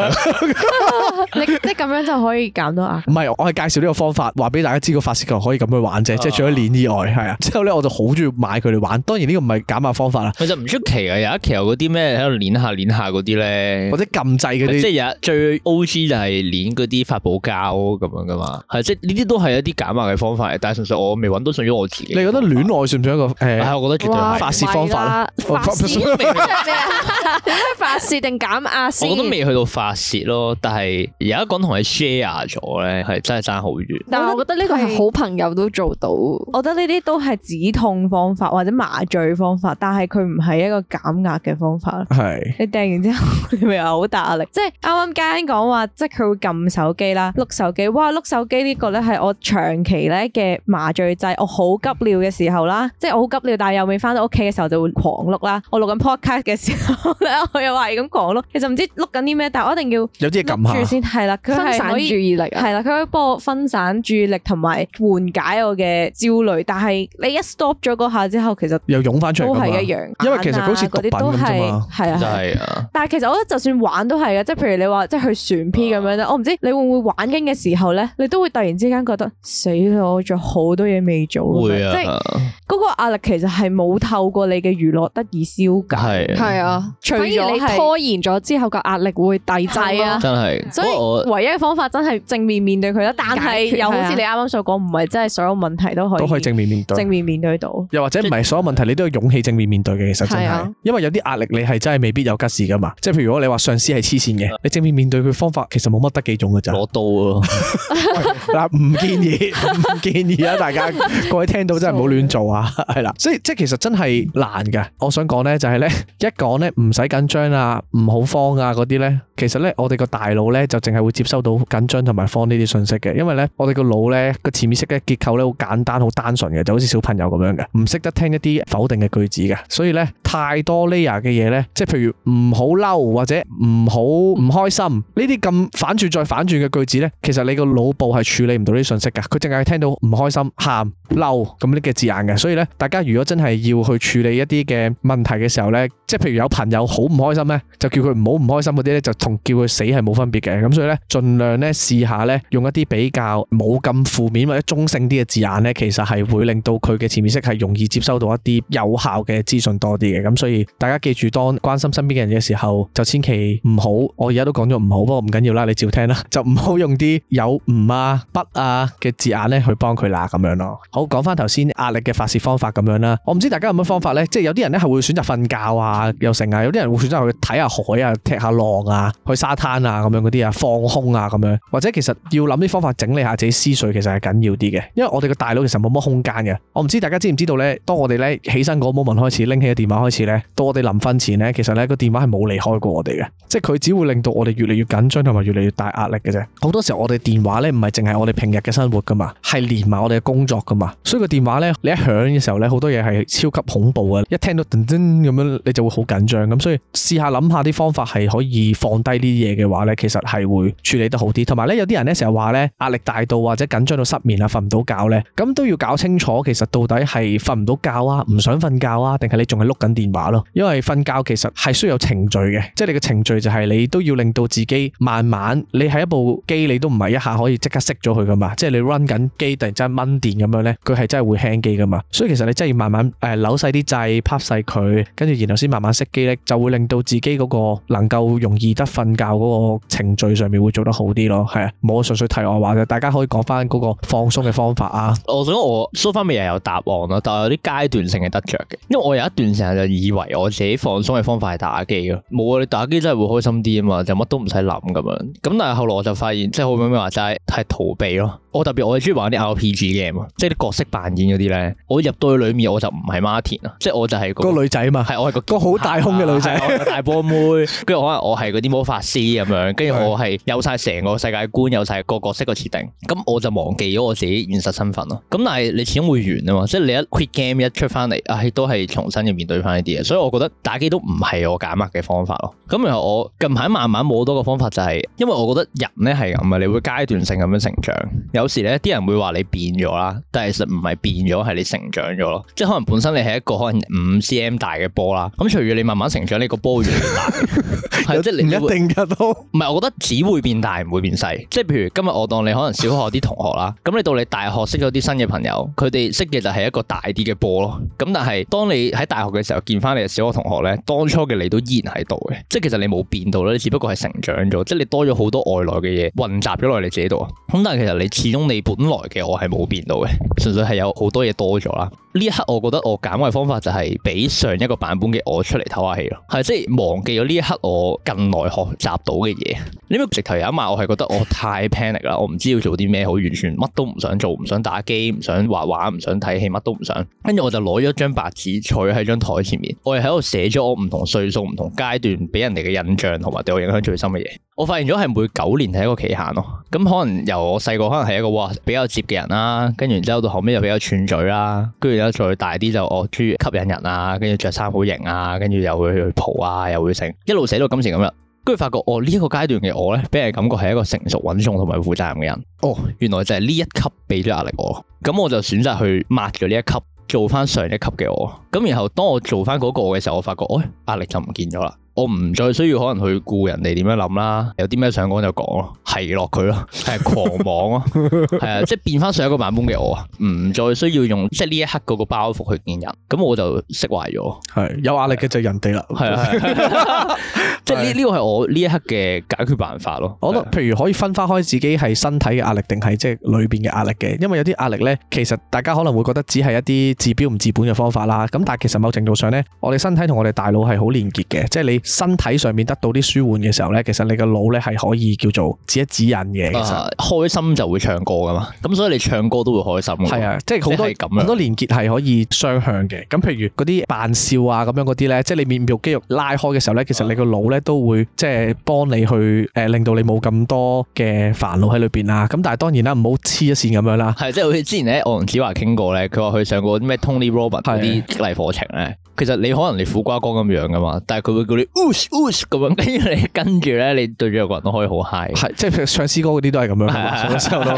你你咁、即係、樣就可以減到壓？唔係，我係介紹呢個方法，話俾大家知個發洩球可以咁去玩啫，即係除咗鏈以外，係啊。之後咧我就好中意買佢哋玩。當然呢個唔係減壓方法啦。其實唔出奇啊，有一期有啲咩喺度鏈下鏈下嗰啲咧，或者撳掣嗰啲，即係有最 O G 就係鏈嗰啲發泡膠咁樣噶嘛。係即係呢啲都係一啲減壓嘅方法，但係純粹我未揾到適用於我自己。你覺得戀愛算唔算一個？係、欸啊、我覺得啊、發洩方法啦，點解發洩定減壓我都未去到發洩咯，但係而家講同你 share 咗咧，係真係爭好遠。但係我覺得呢個係好朋友都做到。嗯、我覺得呢啲都係止痛方法或者麻醉方法，但係佢唔係一個減壓嘅方法。係是你掟完之後，你咪有好大壓力。即係啱啱家欣講話，即係佢會撳手機啦，碌手機。哇，碌手機呢個咧係我長期咧嘅麻醉劑。我好急尿嘅時候啦，即係我好急尿，但係又未翻。喺屋企嘅時候就會狂碌啦，我錄緊 podcast 嘅時候咧， 我又話咁講咯。其實唔知碌緊啲咩，但係我一定要有啲嘢撳住先，係啦，佢可以分散、啊、可以分散注意力，係啦，佢可以幫我分散注意力同埋緩解我嘅焦慮。但係你一 stop 咗嗰下之後，其實又湧翻出嚟，都係一樣。因為其實好似嗰啲都係係啊，但係其實我覺得就算玩都係嘅，即係譬如你話即係去船 P 咁樣咧，啊、我唔知你會唔會玩緊嘅時候咧，你都會突然之間覺得死咗，我仲好多嘢未做，會啊、即係嗰、嗰個壓力其實係冇。透過你嘅娛樂得以消解，係啊，除咗拖延咗之後嘅壓力會遞增啊，真係。所以唯一嘅方法真係正面面對佢啦。但係又好似你啱啱所講，唔係真係所有問題都可以正面面對，正面面對到。又或者唔係所有問題你都要勇氣正面面對嘅，其實真係。因為有啲壓力你係真係未必有急事噶嘛。即係譬如如果你話上司係黐線嘅，你正面面對佢方法其實冇乜得幾種噶咋。攞刀啊！嗱，唔建議，唔建議啊！大家各位聽到真係唔好亂做啊！係啦，所以即係其實真。係難嘅，我想講呢，就係呢：一講呢，唔使緊張啊，唔好慌啊嗰啲呢。其實呢，我哋個大腦呢，就淨係會接收到緊張同埋慌呢啲信息嘅，因為呢，我哋個腦呢個潛意識嘅結構呢，好簡單好單純嘅，就好似小朋友咁樣嘅，唔識得聽一啲否定嘅句子嘅，所以呢，太多 layer 嘅嘢呢，即係譬如唔好嬲或者唔好唔開心呢啲咁反轉再反轉嘅句子呢，其實你個腦部係處理唔到呢啲信息嘅，佢淨係聽到唔開心喊。.漏咁啲嘅字眼嘅，所以咧，大家如果真係要去處理一啲嘅問題嘅時候咧，即係譬如有朋友好唔開心咧，就叫佢唔好唔開心嗰啲咧，就同叫佢死係冇分別嘅，咁所以咧，盡量咧試下咧，用一啲比較冇咁負面或者中性啲嘅字眼咧，其實係會令到佢嘅潛意識係容易接收到一啲有效嘅資訊多啲嘅，咁所以大家記住，當關心身邊嘅人嘅時候，就千祈唔好，我而家都講咗唔好，不過唔緊要啦，你照聽啦，就唔好用啲有唔啊、不啊嘅字眼咧去幫佢嗱咁樣咯。講翻頭先壓力嘅發洩方法咁樣啦，我唔知大家有乜方法呢？即係有啲人呢係會選擇瞓覺啊，又成啊；有啲人會選擇去睇下海啊、踢下浪啊、去沙灘啊咁樣嗰啲啊，放空啊咁樣。或者其實要諗啲方法整理下自己思緒，其實係緊要啲嘅。因為我哋個大腦其實冇乜空間嘅。我唔知大家知唔知道呢？當我哋呢起身嗰 moment 開始拎起個電話開始呢，到我哋臨瞓前呢，其實呢個電話係冇離開過我哋嘅，即係佢只會令到我哋越嚟越緊張同埋越嚟越大壓力嘅啫。好多時候我哋電話呢，唔係淨係我哋平日嘅生活噶嘛，係連埋我哋嘅工作噶嘛。所以個電話咧，你一響嘅時候咧，好多嘢係超級恐怖嘅。一聽到噔噔咁樣，你就會好緊張。咁所以試下諗下啲方法係可以放低啲嘢嘅話咧，其實係會處理得好啲。同埋咧，有啲人咧成日話咧，壓力大到或者緊張到失眠啊，瞓唔到覺咧，咁都要搞清楚，其實到底係瞓唔到覺啊，唔想瞓覺啊，定係你仲係碌緊電話咯？因為瞓覺其實係需要有程序嘅，即係你嘅程序就係你都要令到自己慢慢。你係一部機，你都唔係一下可以即刻熄咗佢噶嘛？即係你 run 緊機，突然之間掹電咁樣咧。佢係真係會輕機噶嘛。所以其實你真係要慢慢誒、呃、扭細啲掣，拍細佢，跟住然後先慢慢熄機咧，就會令到自己嗰個能夠容易得瞓覺嗰個程序上面會做得好啲咯，係啊，冇我純粹題外話嘅，大家可以講翻嗰個放鬆嘅方法啊。我想講我蘇翻嘅又有答案囉，但係有啲階段性嘅得着嘅，因為我有一段時間就以為我自己放鬆嘅方法係打機咯，冇啊，你打機真係會開心啲啊嘛，就乜都唔使諗咁樣，咁但係後來我就發現，即係好表面話齋係逃避咯。我特別我係鍾意玩啲 RPG game，即係啲角色扮演嗰啲咧。我入到去裏面我就唔係 Martin 啊，即係我就係、那個、個女仔啊嘛，係我係個好大胸嘅女仔， 是是大波妹。跟住可能我係嗰啲魔法師咁樣，跟住我係有晒成個世界觀，有晒個角色嘅設定。咁我就忘記咗我自己現實身份咯。咁但係你始終會完啊嘛，即係你一 quit game 一出翻嚟，唉，都係重新要面對翻呢啲嘢。所以我覺得打機都唔係我減壓嘅方法咯。咁然後我近排慢慢摸多個方法就係、是，因為我覺得人咧係咁啊，你會階段性咁樣成長。有時咧，啲人會話你變咗啦，但係其實唔係變咗，係你成長咗咯。即係可能本身你係一個可能五 cm 大嘅波啦，咁隨住你慢慢成長，呢個波越嚟越大，係即係唔一定噶都。唔係，我覺得只會變大，唔會變細。即係譬如今日我當你可能小學啲同學啦，咁 你到你大學識咗啲新嘅朋友，佢哋識嘅就係一個大啲嘅波咯。咁但係當你喺大學嘅時候見翻你嘅小學同學咧，當初嘅你都依然喺度嘅，即係其實你冇變到啦，你只不過係成長咗，即係你多咗好多外來嘅嘢混雜咗落你自己度。咁但係其實你用你本來嘅，我係冇變到嘅，純粹係有好多嘢多咗啦。呢一刻，我覺得我減壓方法就係俾上一個版本嘅我出嚟透下氣咯，係即係忘記咗呢一刻我近來學習到嘅嘢。你咪直頭有一晚，我係覺得我太 panic 啦，我唔知要做啲咩好，完全乜都唔想做，唔想打機，唔想畫畫，唔想睇戲，乜都唔想。跟住我就攞咗張白紙，坐喺張台前面，我係喺度寫咗我唔同歲數、唔同階段俾人哋嘅印象同埋對我影響最深嘅嘢。我發現咗係每九年係一個期限咯。咁可能由我細個可能係一個哇比較接嘅人啦，跟住然之後到後尾又比較串嘴啦，再大啲就哦，鍾意吸引人啊，跟住着衫好型啊，跟住又會去蒲啊，又會成一路寫到今時咁樣，跟住發覺哦呢一個階段嘅我咧，俾人感覺係一個成熟穩重同埋負責任嘅人。哦，原來就係呢一級俾咗壓力我，咁我就選擇去抹咗呢一級，做翻上一級嘅我。咁然後當我做翻嗰個嘅時候，我發覺，哎，壓力就唔見咗啦。我唔再需要可能去顧人哋點樣諗啦，有啲咩想講就講咯，係落佢咯，係 狂妄咯、啊，係 啊，即係變翻上一個版本嘅我，唔再需要用即係呢一刻嗰個包袱去見人，咁我就釋懷咗。係有壓力嘅就人哋啦，係啊，即係呢呢個係我呢一刻嘅解決辦法咯。 我覺得譬如可以分翻開自己係身體嘅壓力定係即係裏邊嘅壓力嘅，因為有啲壓力咧，其實大家可能會覺得只係一啲治標唔治本嘅方法啦。咁但係其實某程度上咧，我哋身體同我哋大腦係好連結嘅，即係你。身體上面得到啲舒緩嘅時候咧，其實你個腦咧係可以叫做指一指引嘅。其實、啊、開心就會唱歌噶嘛，咁所以你唱歌都會開心係啊，即係好多好多連結係可以雙向嘅。咁譬如嗰啲扮笑啊咁樣嗰啲咧，即係你面部肌肉拉開嘅時候咧，其實你個腦咧都會即係幫你去誒、呃、令到你冇咁多嘅煩惱喺裏邊啊。咁但係當然啦，唔好黐一線咁樣啦。係即係好似之前咧，我同子華傾過咧，佢話去上過咩 Tony Robbins 嗰啲激勵課程咧。其實你可能你苦瓜哥咁樣噶嘛，但係佢會叫你 ush us 咁樣，跟住你跟住咧，你對住個人都可以好嗨，i 係，即、就、係、是、唱詩歌嗰啲都係咁樣。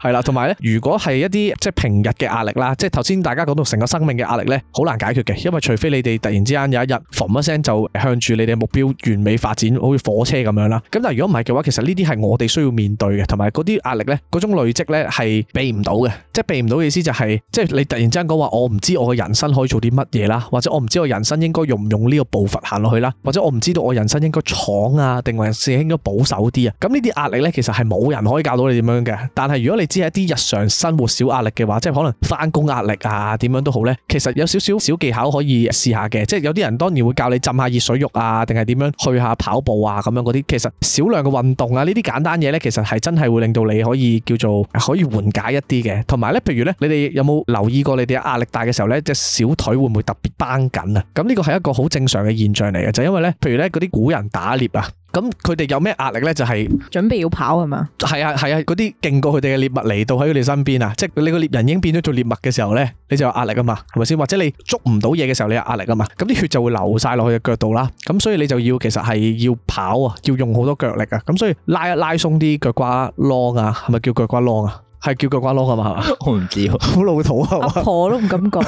係啦， 同埋咧，如果係一啲即係平日嘅壓力啦，即係頭先大家講到成個生命嘅壓力咧，好難解決嘅，因為除非你哋突然之間有一日，嘣一聲就向住你哋目標完美發展，好似火車咁樣啦。咁但係如果唔係嘅話，其實呢啲係我哋需要面對嘅，同埋嗰啲壓力咧，嗰種累積咧係避唔到嘅，即係避唔到嘅意思就係、是，即係你突然之間講話，我唔知我嘅人生可以做啲乜嘢。或者我唔知我人生應該用唔用呢個步伐行落去啦，或者我唔知道我人生應該闖啊，定還是應該保守啲啊？咁呢啲壓力呢，其實係冇人可以教到你點樣嘅。但係如果你只係一啲日常生活小壓力嘅話，即係可能翻工壓力啊，點樣都好呢，其實有少少小技巧可以試下嘅。即係有啲人當然會教你浸下熱水浴啊，定係點樣去下跑步啊，咁樣嗰啲。其實少量嘅運動啊，呢啲簡單嘢呢，其實係真係會令到你可以叫做可以緩解一啲嘅。同埋呢，譬如呢，你哋有冇留意過你哋壓力大嘅時候呢，隻小腿會唔會特別繃緊啊！咁呢個係一個好正常嘅現象嚟嘅，就因為咧，譬如咧嗰啲古人打獵啊，咁佢哋有咩壓力咧？就係、是、準備要跑係嘛？係啊係啊，嗰啲勁過佢哋嘅獵物嚟到喺佢哋身邊啊，邊即係你個獵人已經變咗做獵物嘅時候咧，你就有壓力啊嘛，係咪先？或者你捉唔到嘢嘅時候，你有壓力啊嘛？咁啲血就會流晒落去嘅腳度啦，咁所以你就要其實係要跑啊，要用好多腳力啊，咁所以拉一拉鬆啲腳瓜 l 啊，係咪叫腳瓜 l 啊？係叫腳瓜囊 啊嘛，我唔知，好老土啊嘛。阿婆都唔敢講，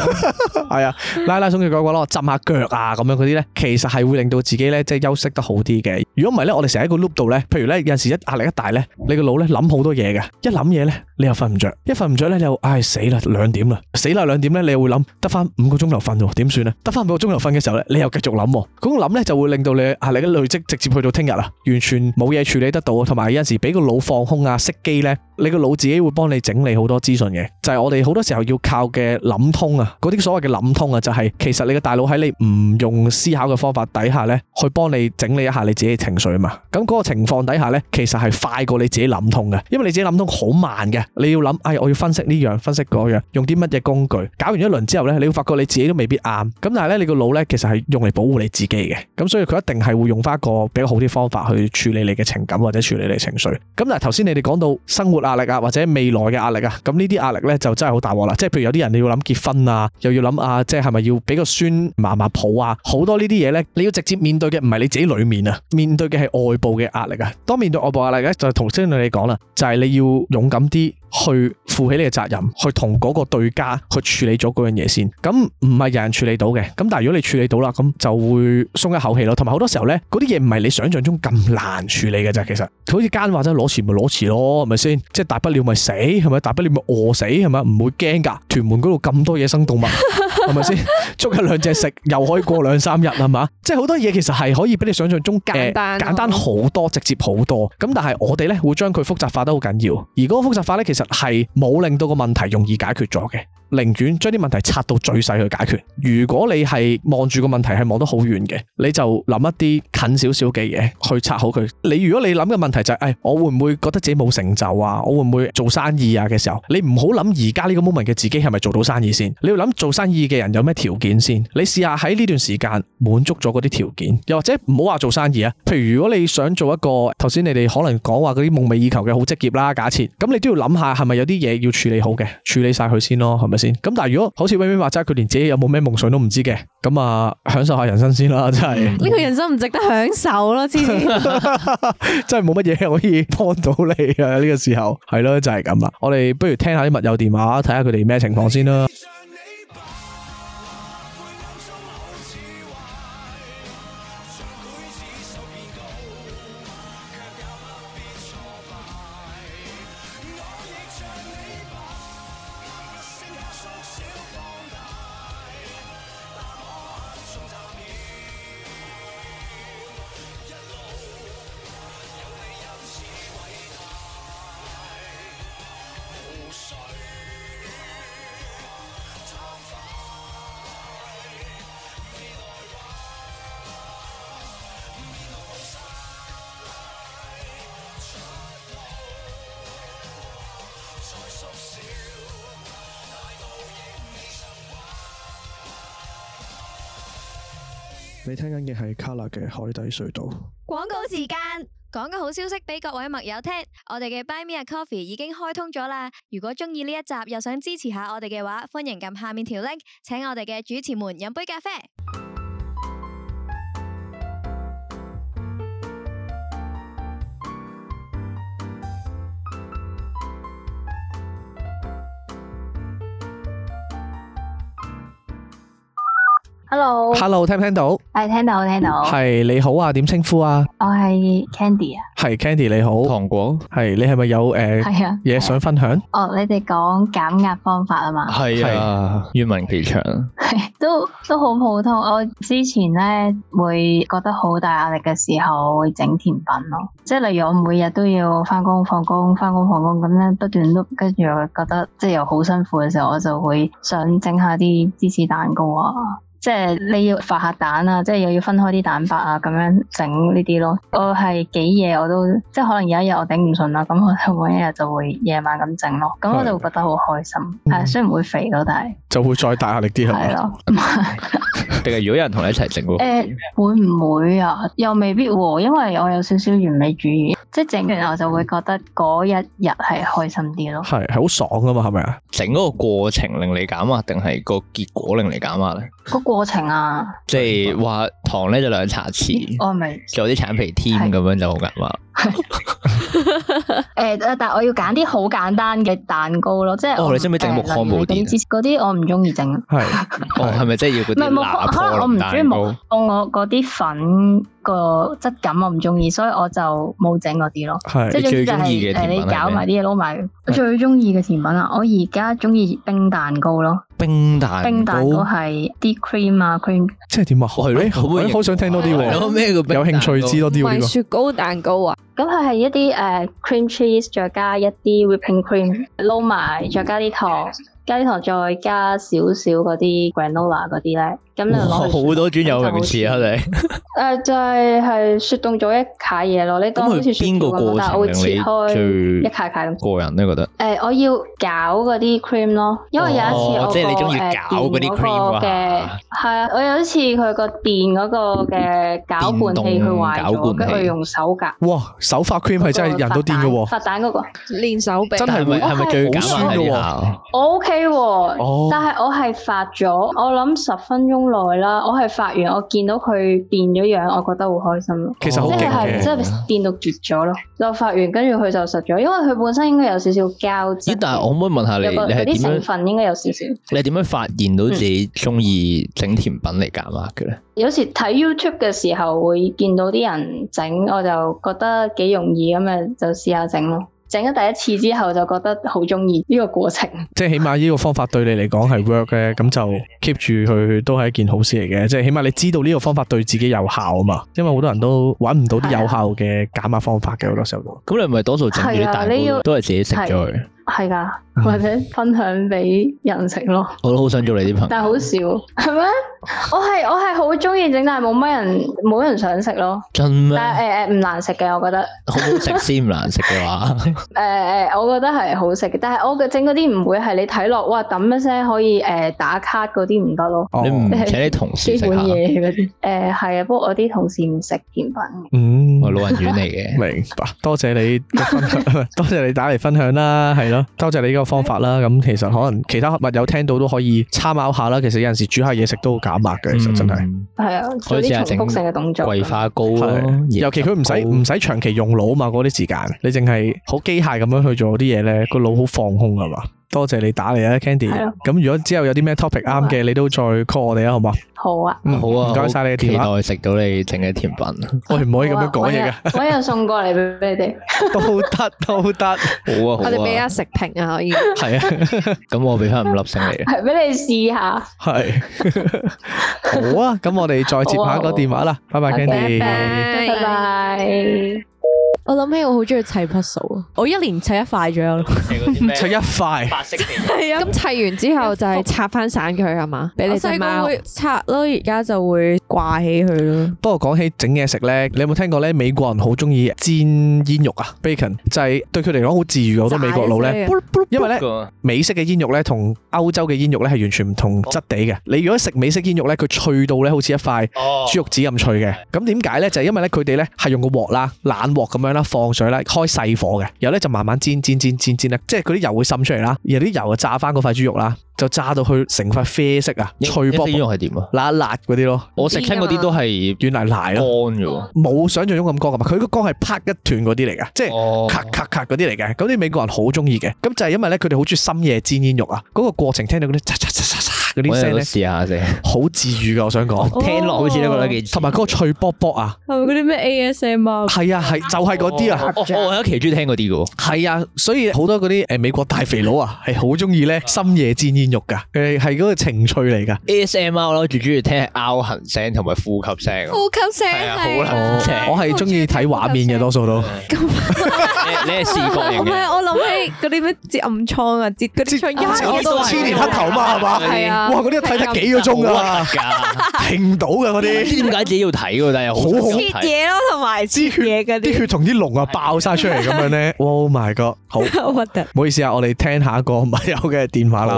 係啊，拉拉鬆叫腳瓜囊，浸下腳啊，咁樣嗰啲咧，其實係會令到自己咧，即休息得好啲嘅。如果唔係咧，我哋成日喺個 loop 度呢，譬如咧有陣時一壓力一大呢，大你個腦呢，諗好多嘢嘅，一諗嘢呢。你又瞓唔着，一瞓唔着呢，你又唉、哎、死啦，兩點啦，死啦兩點呢，你又會諗得翻五個鐘頭瞓喎，點算呢？得翻五個鐘頭瞓嘅時候呢，你又繼續諗，嗰個諗呢，就會令到你啊，你嘅累積直接去到聽日啊，完全冇嘢處理得到，同埋有陣時俾個腦放空啊，熄機呢，你個腦自己會幫你整理好多資訊嘅，就係、是、我哋好多時候要靠嘅諗通啊，嗰啲所謂嘅諗通啊、就是，就係其實你嘅大腦喺你唔用思考嘅方法底下呢，去幫你整理一下你自己嘅情緒啊嘛，咁嗰個情況底下呢，其實係快過你自己諗通嘅，因為你自己諗通好慢嘅。你要諗，哎，我要分析呢樣，分析嗰樣，用啲乜嘢工具？搞完一輪之後呢，你會發覺你自己都未必啱。咁但係呢，你個腦呢，其實係用嚟保護你自己嘅。咁所以佢一定係會用翻一個比較好啲方法去處理你嘅情感或者處理你情緒。咁但係頭先你哋講到生活壓力啊，或者未來嘅壓力啊，咁呢啲壓力呢，就真係好大鑊啦。即係譬如有啲人你要諗結婚啊，又要諗啊，即係係咪要俾個孫嫲嫲抱啊？好多呢啲嘢呢，你要直接面對嘅唔係你自己裏面啊，面對嘅係外部嘅壓力啊。當面對外部壓力呢，就頭先你講啦，就係你要勇敢啲。去負起你嘅責任，去同嗰個對家去處理咗嗰樣嘢先。咁唔係人人處理到嘅。咁但係如果你處理到啦，咁就會鬆一口氣咯。同埋好多時候呢，嗰啲嘢唔係你想像中咁難處理嘅咋，其實佢好似奸話啫，攞錢咪攞錢咯，係咪先？即係大不了咪死，係咪？大不了咪餓死，係咪？唔會驚㗎。屯門嗰度咁多野生動物。 係咪先捉一兩隻食，又可以過兩三日，係嘛？即係好多嘢其實係可以比你想象中簡單，呃、簡單好多，直接好多。咁但係我哋咧會將佢複雜化得好緊要，而嗰個複雜化咧其實係冇令到個問題容易解決咗嘅。寧願將啲問題拆到最細去解決。如果你係望住個問題係望得好遠嘅，你就諗一啲近少少嘅嘢去拆好佢。你如果你諗嘅問題就係，誒，我會唔會覺得自己冇成就啊？我會唔會做生意啊？嘅時候，你唔好諗而家呢個 moment 嘅自己係咪做到生意先？你要諗做生意嘅人有咩條件先？你試下喺呢段時間滿足咗嗰啲條件，又或者唔好話做生意啊。譬如如果你想做一個頭先你哋可能講話嗰啲夢寐以求嘅好職業啦，假設咁，你都要諗下係咪有啲嘢要處理好嘅，處理晒佢先咯，係咪先？咁但係如果好似 Vinny 話齋，佢連自己有冇咩夢想都唔知嘅，咁啊享受下人生先啦，真係呢個人生唔值得享受咯，黐線， 真係冇乜嘢可以幫到你啊呢、呢個時候，係咯就係咁啦，我哋不如聽下啲密友電話，睇下佢哋咩情況先啦。跟住係 KOLOR 嘅海底隧道。廣告時間，講個好消息俾各位麥友聽，我哋嘅 Buy Me A Coffee 已經開通咗啦！如果中意呢一集又想支持下我哋嘅話，歡迎撳下面條 link，請我哋嘅主持們飲杯咖啡。hello，hello，聽唔聽到？係聽到，聽到。係你好啊，點稱呼啊？我係 Candy 啊。係 Candy，你好，糖果。係你係咪有誒、係、呃、啊嘢想分享？哦，你哋講減壓方法啊嘛？係啊，願聞其詳。係都都好普通。我之前咧會覺得好大壓力嘅時候，會整甜品咯。即係例如我每日都要翻工放工，翻工放工咁樣不斷都跟住我覺得即係又好辛苦嘅時候，我就會想整下啲芝士蛋糕啊。即係你要發下蛋啊，即係又要分開啲蛋白啊，咁樣整呢啲咯。我係幾夜我都，即係可能有一日我頂唔順啦，咁我就每一日就會夜晚咁整咯。咁我就會覺得好開心，係的雖然唔會肥咯，但係、嗯、就會再大壓力啲係嘛？係咯，定係如果有人同你一齊整誒，會唔會啊？又未必、啊，因為我有少少完美主義，即係整完我就會覺得嗰一日係開心啲咯。係係好爽噶嘛？係咪啊？整嗰個過程令你減壓，定係個結果令你減壓咧？個過程啊，即係話糖咧就兩茶匙，我係咪做啲橙皮添咁樣就好噶嘛？係誒，但係我要揀啲好簡單嘅蛋糕咯，即係哦，你中唔中意整木糠布丁啊？嗰啲我唔中意整啊。係哦，係咪即係要嗰啲？唔係木糠，我唔中意冇我嗰啲粉個質感我唔中意，所以我就冇整嗰啲咯。係即係最中意嘅甜品，你搞埋啲嘢撈埋，我最中意嘅甜品啊！我而家中意冰蛋糕咯。冰蛋糕，冰蛋都係啲 cream 啊，cream，即係點啊？好，好想聽多啲喎，有咩個冰蛋？有興趣知多啲喎，啊這個、雪糕蛋糕啊，咁佢係一啲誒、uh, cream cheese，再加一啲 whipping cream，撈埋， 再加啲糖， 糖，加啲糖，再加少少嗰啲 granola 嗰啲咧。咁又攞好多樽油嚟唔似啊你？誒，就係係雪凍咗一卡嘢咯。你當時邊個過程嚟？一卡卡咁個人都覺得。誒，我要搞嗰啲 cream 咯，因為有一次我即係你中意搞嗰啲 cream 啊。係啊，我有一次佢個電嗰個嘅攪拌器佢壞咗，跟住用手夾。哇，手發 cream 係真係人都癲㗎喎！發蛋嗰個練手臂，真係咪係咪最舒㗎？我 OK，但係我係發咗，我諗十分鐘。耐啦，我係發完，我見到佢變咗樣，我覺得好開心咯。其實好勁嘅，即係變到絕咗咯。就發完，跟住佢就實咗，因為佢本身應該有少少膠質。咦？但係我可唔可以問下你，個你係點樣？成分應該有少少。你係點樣發現到自己中意整甜品嚟夾嗎？嘅咧？有時睇 YouTube 嘅時候會見到啲人整，我就覺得幾容易，咁樣就試下整咯。整咗第一次之後就覺得好中意呢個過程，即係起碼呢個方法對你嚟講係 work 嘅。咁 就 keep 住佢都係一件好事嚟嘅，即係起碼你知道呢個方法對自己有效啊嘛。因為好多人都揾唔到啲有效嘅減壓方法嘅好、啊、多時候都，咁你唔係多數整啲、啊蛋糕、都係自己食咗佢？係噶，或者分享俾人食咯。我都好想做你啲朋友，但係好少係咩？我係我係好中意整，但係冇乜人冇人想食咯。真咩？誒誒，唔、呃呃、難食嘅，我覺得好好食先唔難食嘅話，誒 誒、呃，我覺得係好食嘅，但係我嘅整嗰啲唔會係你睇落哇，噉樣先可以誒、呃、打卡嗰啲唔得咯。你請啲同事食下基本嘢嗰啲？誒係啊，不、呃、過我啲同事唔食甜品嘅。嗯、哦，我老人院嚟嘅。 明白。多謝你多謝你打嚟分享啦，係。多謝你呢個方法啦，咁其實可能其他物友聽到都可以參考下啦。其實有陣時煮下嘢食都好減壓嘅，嗯、其實真係係啊，所以對做啲重複性嘅動作，桂花糕咯。尤其佢唔使唔使長期用腦啊嘛，嗰啲時間你淨係好機械咁樣去做啲嘢咧，個腦好放空啊嘛。多謝你打嚟啊，Candy。係咯。咁如果之後有啲咩 topic 啱嘅，你都再 call 我哋啊，好唔好？好啊。嗯，好啊。唔該晒你啊，期待食到你整嘅甜品。我唔可以咁樣講嘢㗎。我又送過嚟俾你哋。都得，都得。好啊。我哋俾一食評啊，可以。係啊。咁我俾翻五粒星你。係俾你試下。係。好啊，咁我哋再接下一個電話啦。拜拜，Candy。拜拜。我諗起我好中意砌 puzzle 啊！我一年砌一塊左右咯，砌 一塊，白色係啊。咁砌 完之後就係拆翻散佢係嘛？你哋細佬拆咯，而家就會掛起佢咯。 不過講起整嘢食咧，你有冇聽過咧？美國人好中意煎煙肉啊，bacon 就係對佢嚟講好治癒。好多美國佬咧， 因為咧美式嘅煙肉咧，同歐洲嘅煙肉咧係完全唔同質地嘅。你如果食美式煙肉咧，佢脆到咧好似一塊豬肉紙咁脆嘅。咁點解咧？就係、是、因為咧佢哋咧係用個鑊啦，冷鑊咁樣啦，放水啦，開細火嘅，然後咧就慢慢煎，煎，煎，煎，煎咧，即係嗰啲油會滲出嚟啦，然後啲油就炸翻嗰塊豬肉啦。就炸到佢成塊啡色啊！脆卜卜又係點啊？辣辣嗰啲咯，我食聽嗰啲都係軟腍腍咯，冇想象中咁乾噶嘛。佢個乾係啪一段嗰啲嚟噶，即係咔咔咔嗰啲嚟嘅。咁啲美國人好中意嘅，咁就係因為咧，佢哋好中意深夜煎煙肉啊。嗰個過程聽到嗰啲嚓嚓嚓嚓嗰啲聲咧，試下先，好治愈噶，我想講，聽落好似覺得幾同埋嗰個脆卜卜啊，係咪嗰啲咩 ASMR？係啊係，就係嗰啲啊，我有一期中意聽嗰啲噶喎。係啊，所以好多嗰啲誒美國大肥佬啊，係好中意咧深夜煎煙。肉噶，佢係嗰個情趣嚟噶，SM 咯，最中意聽拗痕聲同埋呼吸聲，呼吸聲係啊，我係中意睇畫面嘅，多數都。你係視覺嘅。唔係，我諗起嗰啲咩接暗瘡啊，接嗰啲瘡，千千年黑頭嘛，係嘛？係啊。哇，嗰啲睇得幾個鐘噶，停到噶嗰啲。點解自己要睇噶？但係又好恐怖嘢咯，同埋啲血嘢嗰啲，啲血同啲膿啊，爆晒出嚟咁樣咧。Oh my god！好核突。唔好意思啊，我哋聽下個唔有嘅電話啦。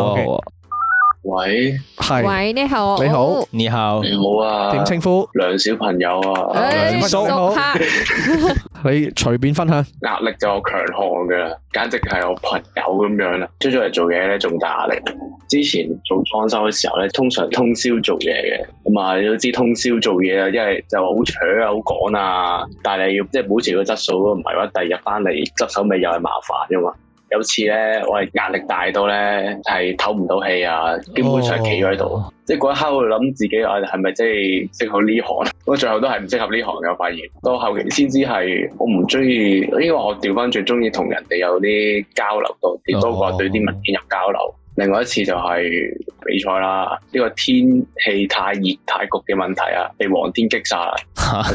喂，係，你好，你好，你好啊，點稱呼？梁小朋友啊，哎、叔，熟客 你好，你隨便分享，壓力就有強項嘅，簡直係我朋友咁樣啦。出咗嚟做嘢咧，仲大壓力。之前做裝修嘅時候咧，通常通宵做嘢嘅，咁啊，你都知通宵做嘢啊，因為就好扯啊，好趕啊，但係你要即係保持個質素咯，唔係話第二日翻嚟執手尾又係麻煩噶嘛。有次咧，我係壓力大到咧，係唞唔到氣啊，基本上企喺度。Oh. 即係嗰一刻我會諗自己，我係咪即係適合呢行？我最後都係唔適合呢行，有發現。到後期先知係我唔中意呢個，因為我調翻最中意同人哋有啲交流到亦都過對啲文件有交流。Oh. 另外一次就係比賽啦，呢個天氣太熱太焗嘅問題啊，被黃天擊殺，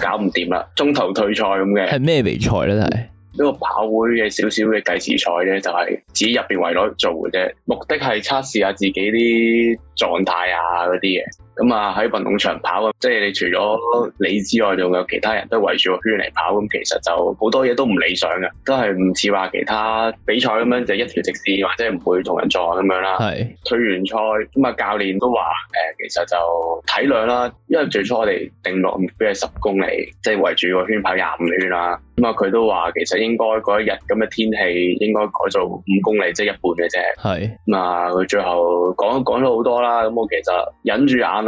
搞唔掂啦， 中途退賽咁嘅。係咩 比賽咧？係？呢個跑會嘅少少嘅計時賽咧，就係、是、自己入邊為咗做嘅啫，目的係測試下自己啲狀態啊嗰啲嘢。咁啊喺運動場跑啊，即係你除咗你之外，仲有其他人都圍住個圈嚟跑，咁其實就好多嘢都唔理想嘅，都係唔似話其他比賽咁樣，就係、一條直線或者唔會同人撞咁樣啦。係是。退完賽咁啊，教練都話誒，其實就體諒啦，因為最初我哋定落目標係十公里，即係圍住個圈跑廿五圈啦。咁啊，佢都話其實應該嗰一日咁嘅天氣應該改做五公里，即、就、係、係、一半嘅啫。係是。咁啊，佢最後講講咗好多啦，咁我其實我忍住眼。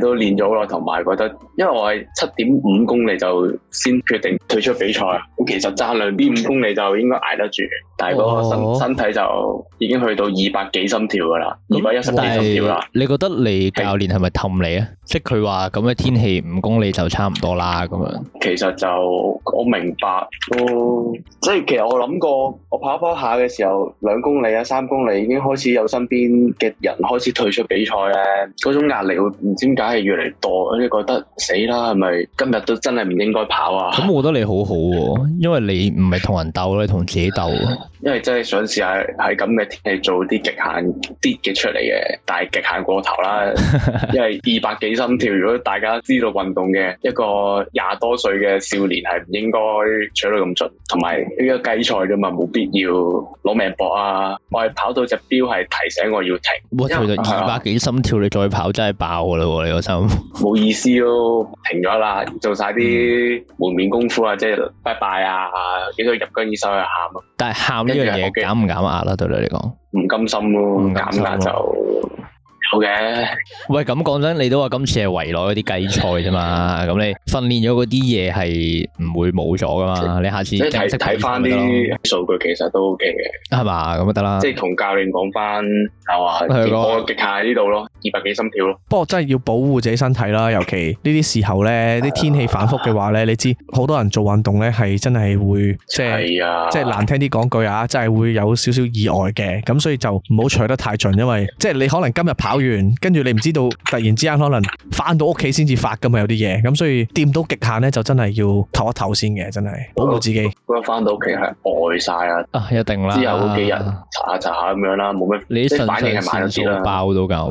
都練咗咯，同埋覺得，因為我係七點五公里就先決定退出比賽。咁其實爭兩點五公里就應該挨得住，但係嗰個身、哦、身體就已經去到二百幾心跳噶啦，二百一十幾心跳啦。是跳你覺得你教練係咪氹你啊？是即係佢話咁嘅天氣五公里就差唔多啦咁樣。其實就我明白咯，即係其實我諗過，我跑一跑下嘅時候，兩公里啊三公里已經開始有身邊嘅人開始退出比賽咧，嗰種壓力會唔知。點解係越嚟越多？你覺得死啦？係咪今日都真係唔應該跑啊？咁我覺得你好好，因為你唔係同人鬥咧，同自己鬥。因為真係想試下喺咁嘅天氣做啲極限啲嘅出嚟嘅，但係極限過頭啦。 因為二百幾心跳，如果大家知道運動嘅一個廿多歲嘅少年係唔應該取得咁盡，同埋呢個計賽啫嘛，冇必要攞命搏啊！我係跑到隻表係提醒我要停。我其實二百幾心跳，你再跑真係爆噶啦、啊！我心冇意思咯、啊，停咗啦，做晒啲門面功夫啊，即係拜拜啊，見到入軍衣衫就喊咯。進進啊啊、但係喊呢樣嘢減唔減壓啦？對你嚟講，唔甘心咯、啊，減壓、啊、就。 好嘅，Okay. 喂，咁講真，你都話今次係圍內嗰啲計賽啫嘛，咁 你訓練咗嗰啲嘢係唔會冇咗噶嘛？ 你下次即係睇睇翻啲數據，其實都 OK 嘅，係嘛？咁就得啦，即係同教練講翻係話個極限喺呢度咯，二百幾心跳咯。不過真係要保護自己身體啦，尤其呢啲時候咧，啲 天氣反復嘅話咧，你知好多人做運動咧係真係會即係的即係難聽啲講句啊，真係會有少少意外嘅，咁所以就唔好取得太盡，因為即係你可能今日跑。完，跟住你唔知道，突然之間可能翻到屋企先至發㗎嘛，有啲嘢，咁所以掂到極限咧，就真係要唞一唞先嘅，真係保護自己。嗰日翻到屋企係呆晒啊，啊，一定啦，之後嗰幾日查下查下咁樣啦，冇咩。你反應係慢咗啲啦，爆都夠，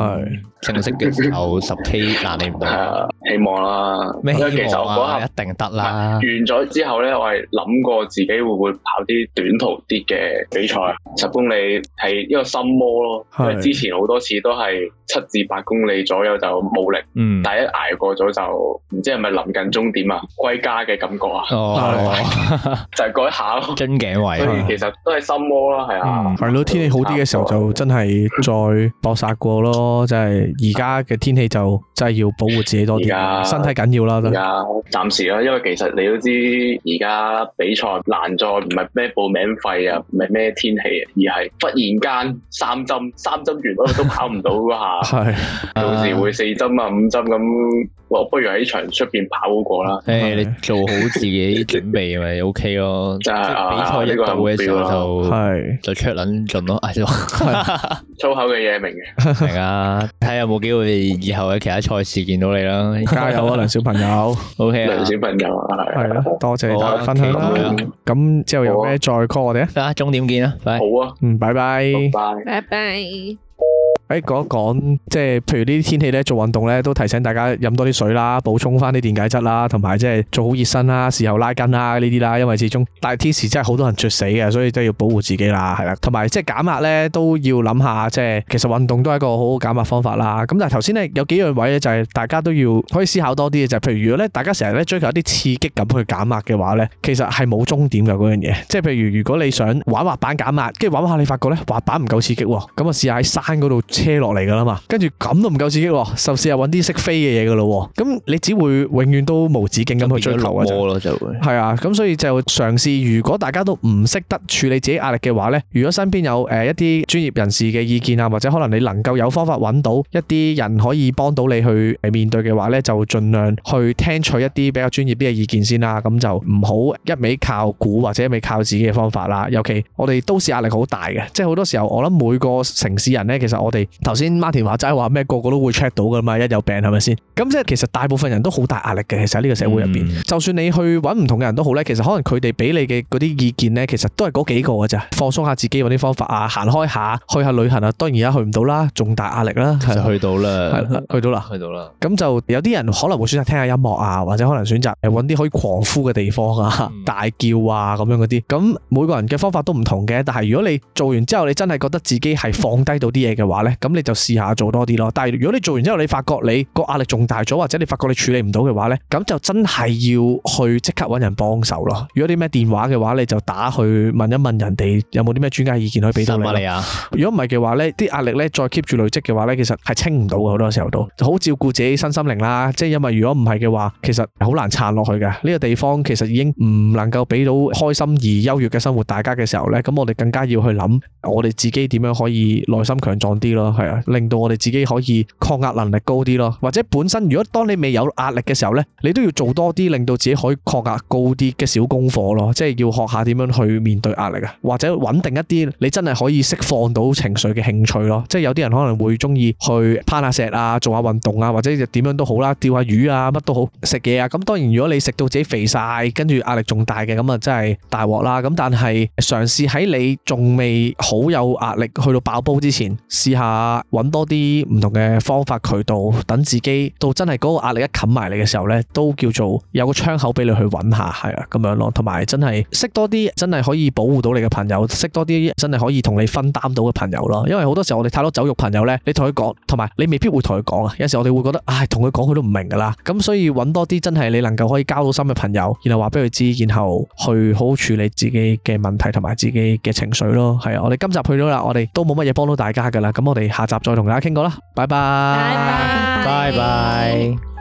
成績有十 K 難你唔到。啊希望啦，望啊、其實我嗰下一定得啦。完咗之後咧，我係諗過自己會唔會跑啲短途啲嘅比賽，十 公里係一個心魔咯。是因為之前好多次都係七至八公里左右就冇力，第、嗯、一挨過咗就唔知係咪臨近終點啊，歸家嘅感覺啊，哦、 就係過一下咯。真頸位，所以其實都係心魔咯，係啊。係咯、嗯，天氣好啲嘅時候就真係再搏殺過咯，真係而家嘅天氣就真係要保護自己多啲。 身體緊要啦，而家暫時啦，因為其實你都知而家比賽難在唔係咩報名費啊，唔係咩天氣啊，而係忽然間三針三針完嗰個都跑唔到嗰下，到時會四針啊五針咁，我不如喺場出邊跑過啦。誒，你做好自己準備咪 OK 咯，比賽一到嘅時候就就出撚盡咯。粗口嘅嘢明嘅，係啊，睇下有冇機會以後喺其他賽事見到你啦。加油啊，梁小朋友！OK 啊，梁小朋友，係咯，多謝大家分享啦。咁之後有咩再 call 我哋啊？得啦，終點見啦，好啊，嗯，拜拜，拜拜，拜拜。誒，講一講，即係譬如呢啲天氣咧，做運動咧，都提醒大家飲多啲水啦，補充翻啲電解質啦，同埋即係做好熱身啦，事後拉筋啦呢啲啦。因為始終大天時真係好多人猝死嘅，所以都要保護自己啦，係啦。同埋即係減壓咧，都要諗下，即係其實運動都係一個好好減壓方法啦。咁但係頭先咧有幾樣位咧，就係大家都要可以思考多啲嘅，就係譬如如果咧大家成日咧追求一啲刺激感去減壓嘅話咧，其實係冇終點嘅嗰樣嘢。即係譬如如果你想玩滑板減壓，跟住玩下你發覺咧滑板唔夠刺激，咁啊試下喺山嗰度。車落嚟噶啦嘛，跟住咁都唔夠刺激喎，就試下搵啲識飛嘅嘢噶咯。咁你只會永遠都無止境咁去追求啊，係啊，咁所以就嘗試。如果大家都唔識得處理自己壓力嘅話呢，如果身邊有誒一啲專業人士嘅意見啊，或者可能你能夠有方法搵到一啲人可以幫到你去面對嘅話呢，就盡量去聽取一啲比較專業啲嘅意見先啦。咁就唔好一味靠估，或者一味靠自己嘅方法啦。尤其我哋都市壓力好大嘅，即係好多時候我諗每個城市人呢，其實我哋。頭先馬田話齋話咩？個個都會 check 到噶嘛？一有病係咪先？咁即係其實大部分人都好大壓力嘅。其實喺呢個社會入邊，嗯、就算你去揾唔同嘅人都好咧，其實可能佢哋俾你嘅嗰啲意見咧，其實都係嗰幾個噶咋。放鬆下自己，揾啲方法啊，行開下，去下旅行啊。當然而家去唔到啦，重大壓力啦。係去到啦吧， 去到啦，去到啦。咁就有啲人可能會選擇聽下音樂啊，或者可能選擇誒揾啲可以狂呼嘅地方啊，大叫啊咁樣嗰啲。咁每個人嘅方法都唔同嘅，但係如果你做完之後，你真係覺得自己係放低到啲嘢嘅話咧，咁你就試下做多啲咯。但係如果你做完之後，你發覺你個壓力仲大咗，或者你發覺你處理唔到嘅話呢咁就真係要去即刻搵人幫手咯。如果啲咩電話嘅話，你就打去問一問人哋有冇啲咩專家意見可以俾到你啦。如果唔係嘅話呢啲壓力呢再 keep 住累積嘅話呢其實係清唔到嘅好多時候都好照顧自己身心靈啦。即係因為如果唔係嘅話，其實好難撐落去嘅。呢個地方其實已經唔能夠俾到開心而優越嘅生活大家嘅時候呢，咁我哋更加要去諗我哋自己點樣可以內心強壯啲咯。係啊，令到我哋自己可以抗壓能力高啲咯，或者本身如果當你未有壓力嘅時候咧，你都要做多啲，令到自己可以抗壓高啲嘅小功課咯，即係要學下點樣去面對壓力啊，或者穩定一啲，你真係可以釋放到情緒嘅興趣咯，即係有啲人可能會中意去攀下石啊，做下運動啊，或者點樣都好啦，釣下魚啊乜都好，食嘢啊，咁當然如果你食到自己肥晒，跟住壓力仲大嘅，咁啊真係大鑊啦，咁但係嘗試喺你仲未好有壓力去到爆煲之前，試下。啊！揾多啲唔同嘅方法渠道，等自己到真係嗰個壓力一冚埋你嘅時候咧，都叫做有個窗口俾你去揾下，係啊，咁樣咯。同埋真係識多啲，真係可以保護到你嘅朋友；識多啲真係可以同你分擔到嘅朋友咯。因為好多時候我哋太多酒肉朋友咧，你同佢講，同埋你未必會同佢講啊。有時我哋會覺得，唉，同佢講佢都唔明噶啦。咁所以揾多啲真係你能夠可以交到心嘅朋友，然後話俾佢知，然後去好好處理自己嘅問題同埋自己嘅情緒咯。係啊，我哋今集去到啦，我哋都冇乜嘢幫到大家噶啦。咁我哋。下集再同大家傾過啦，拜拜，拜拜，拜拜。拜拜。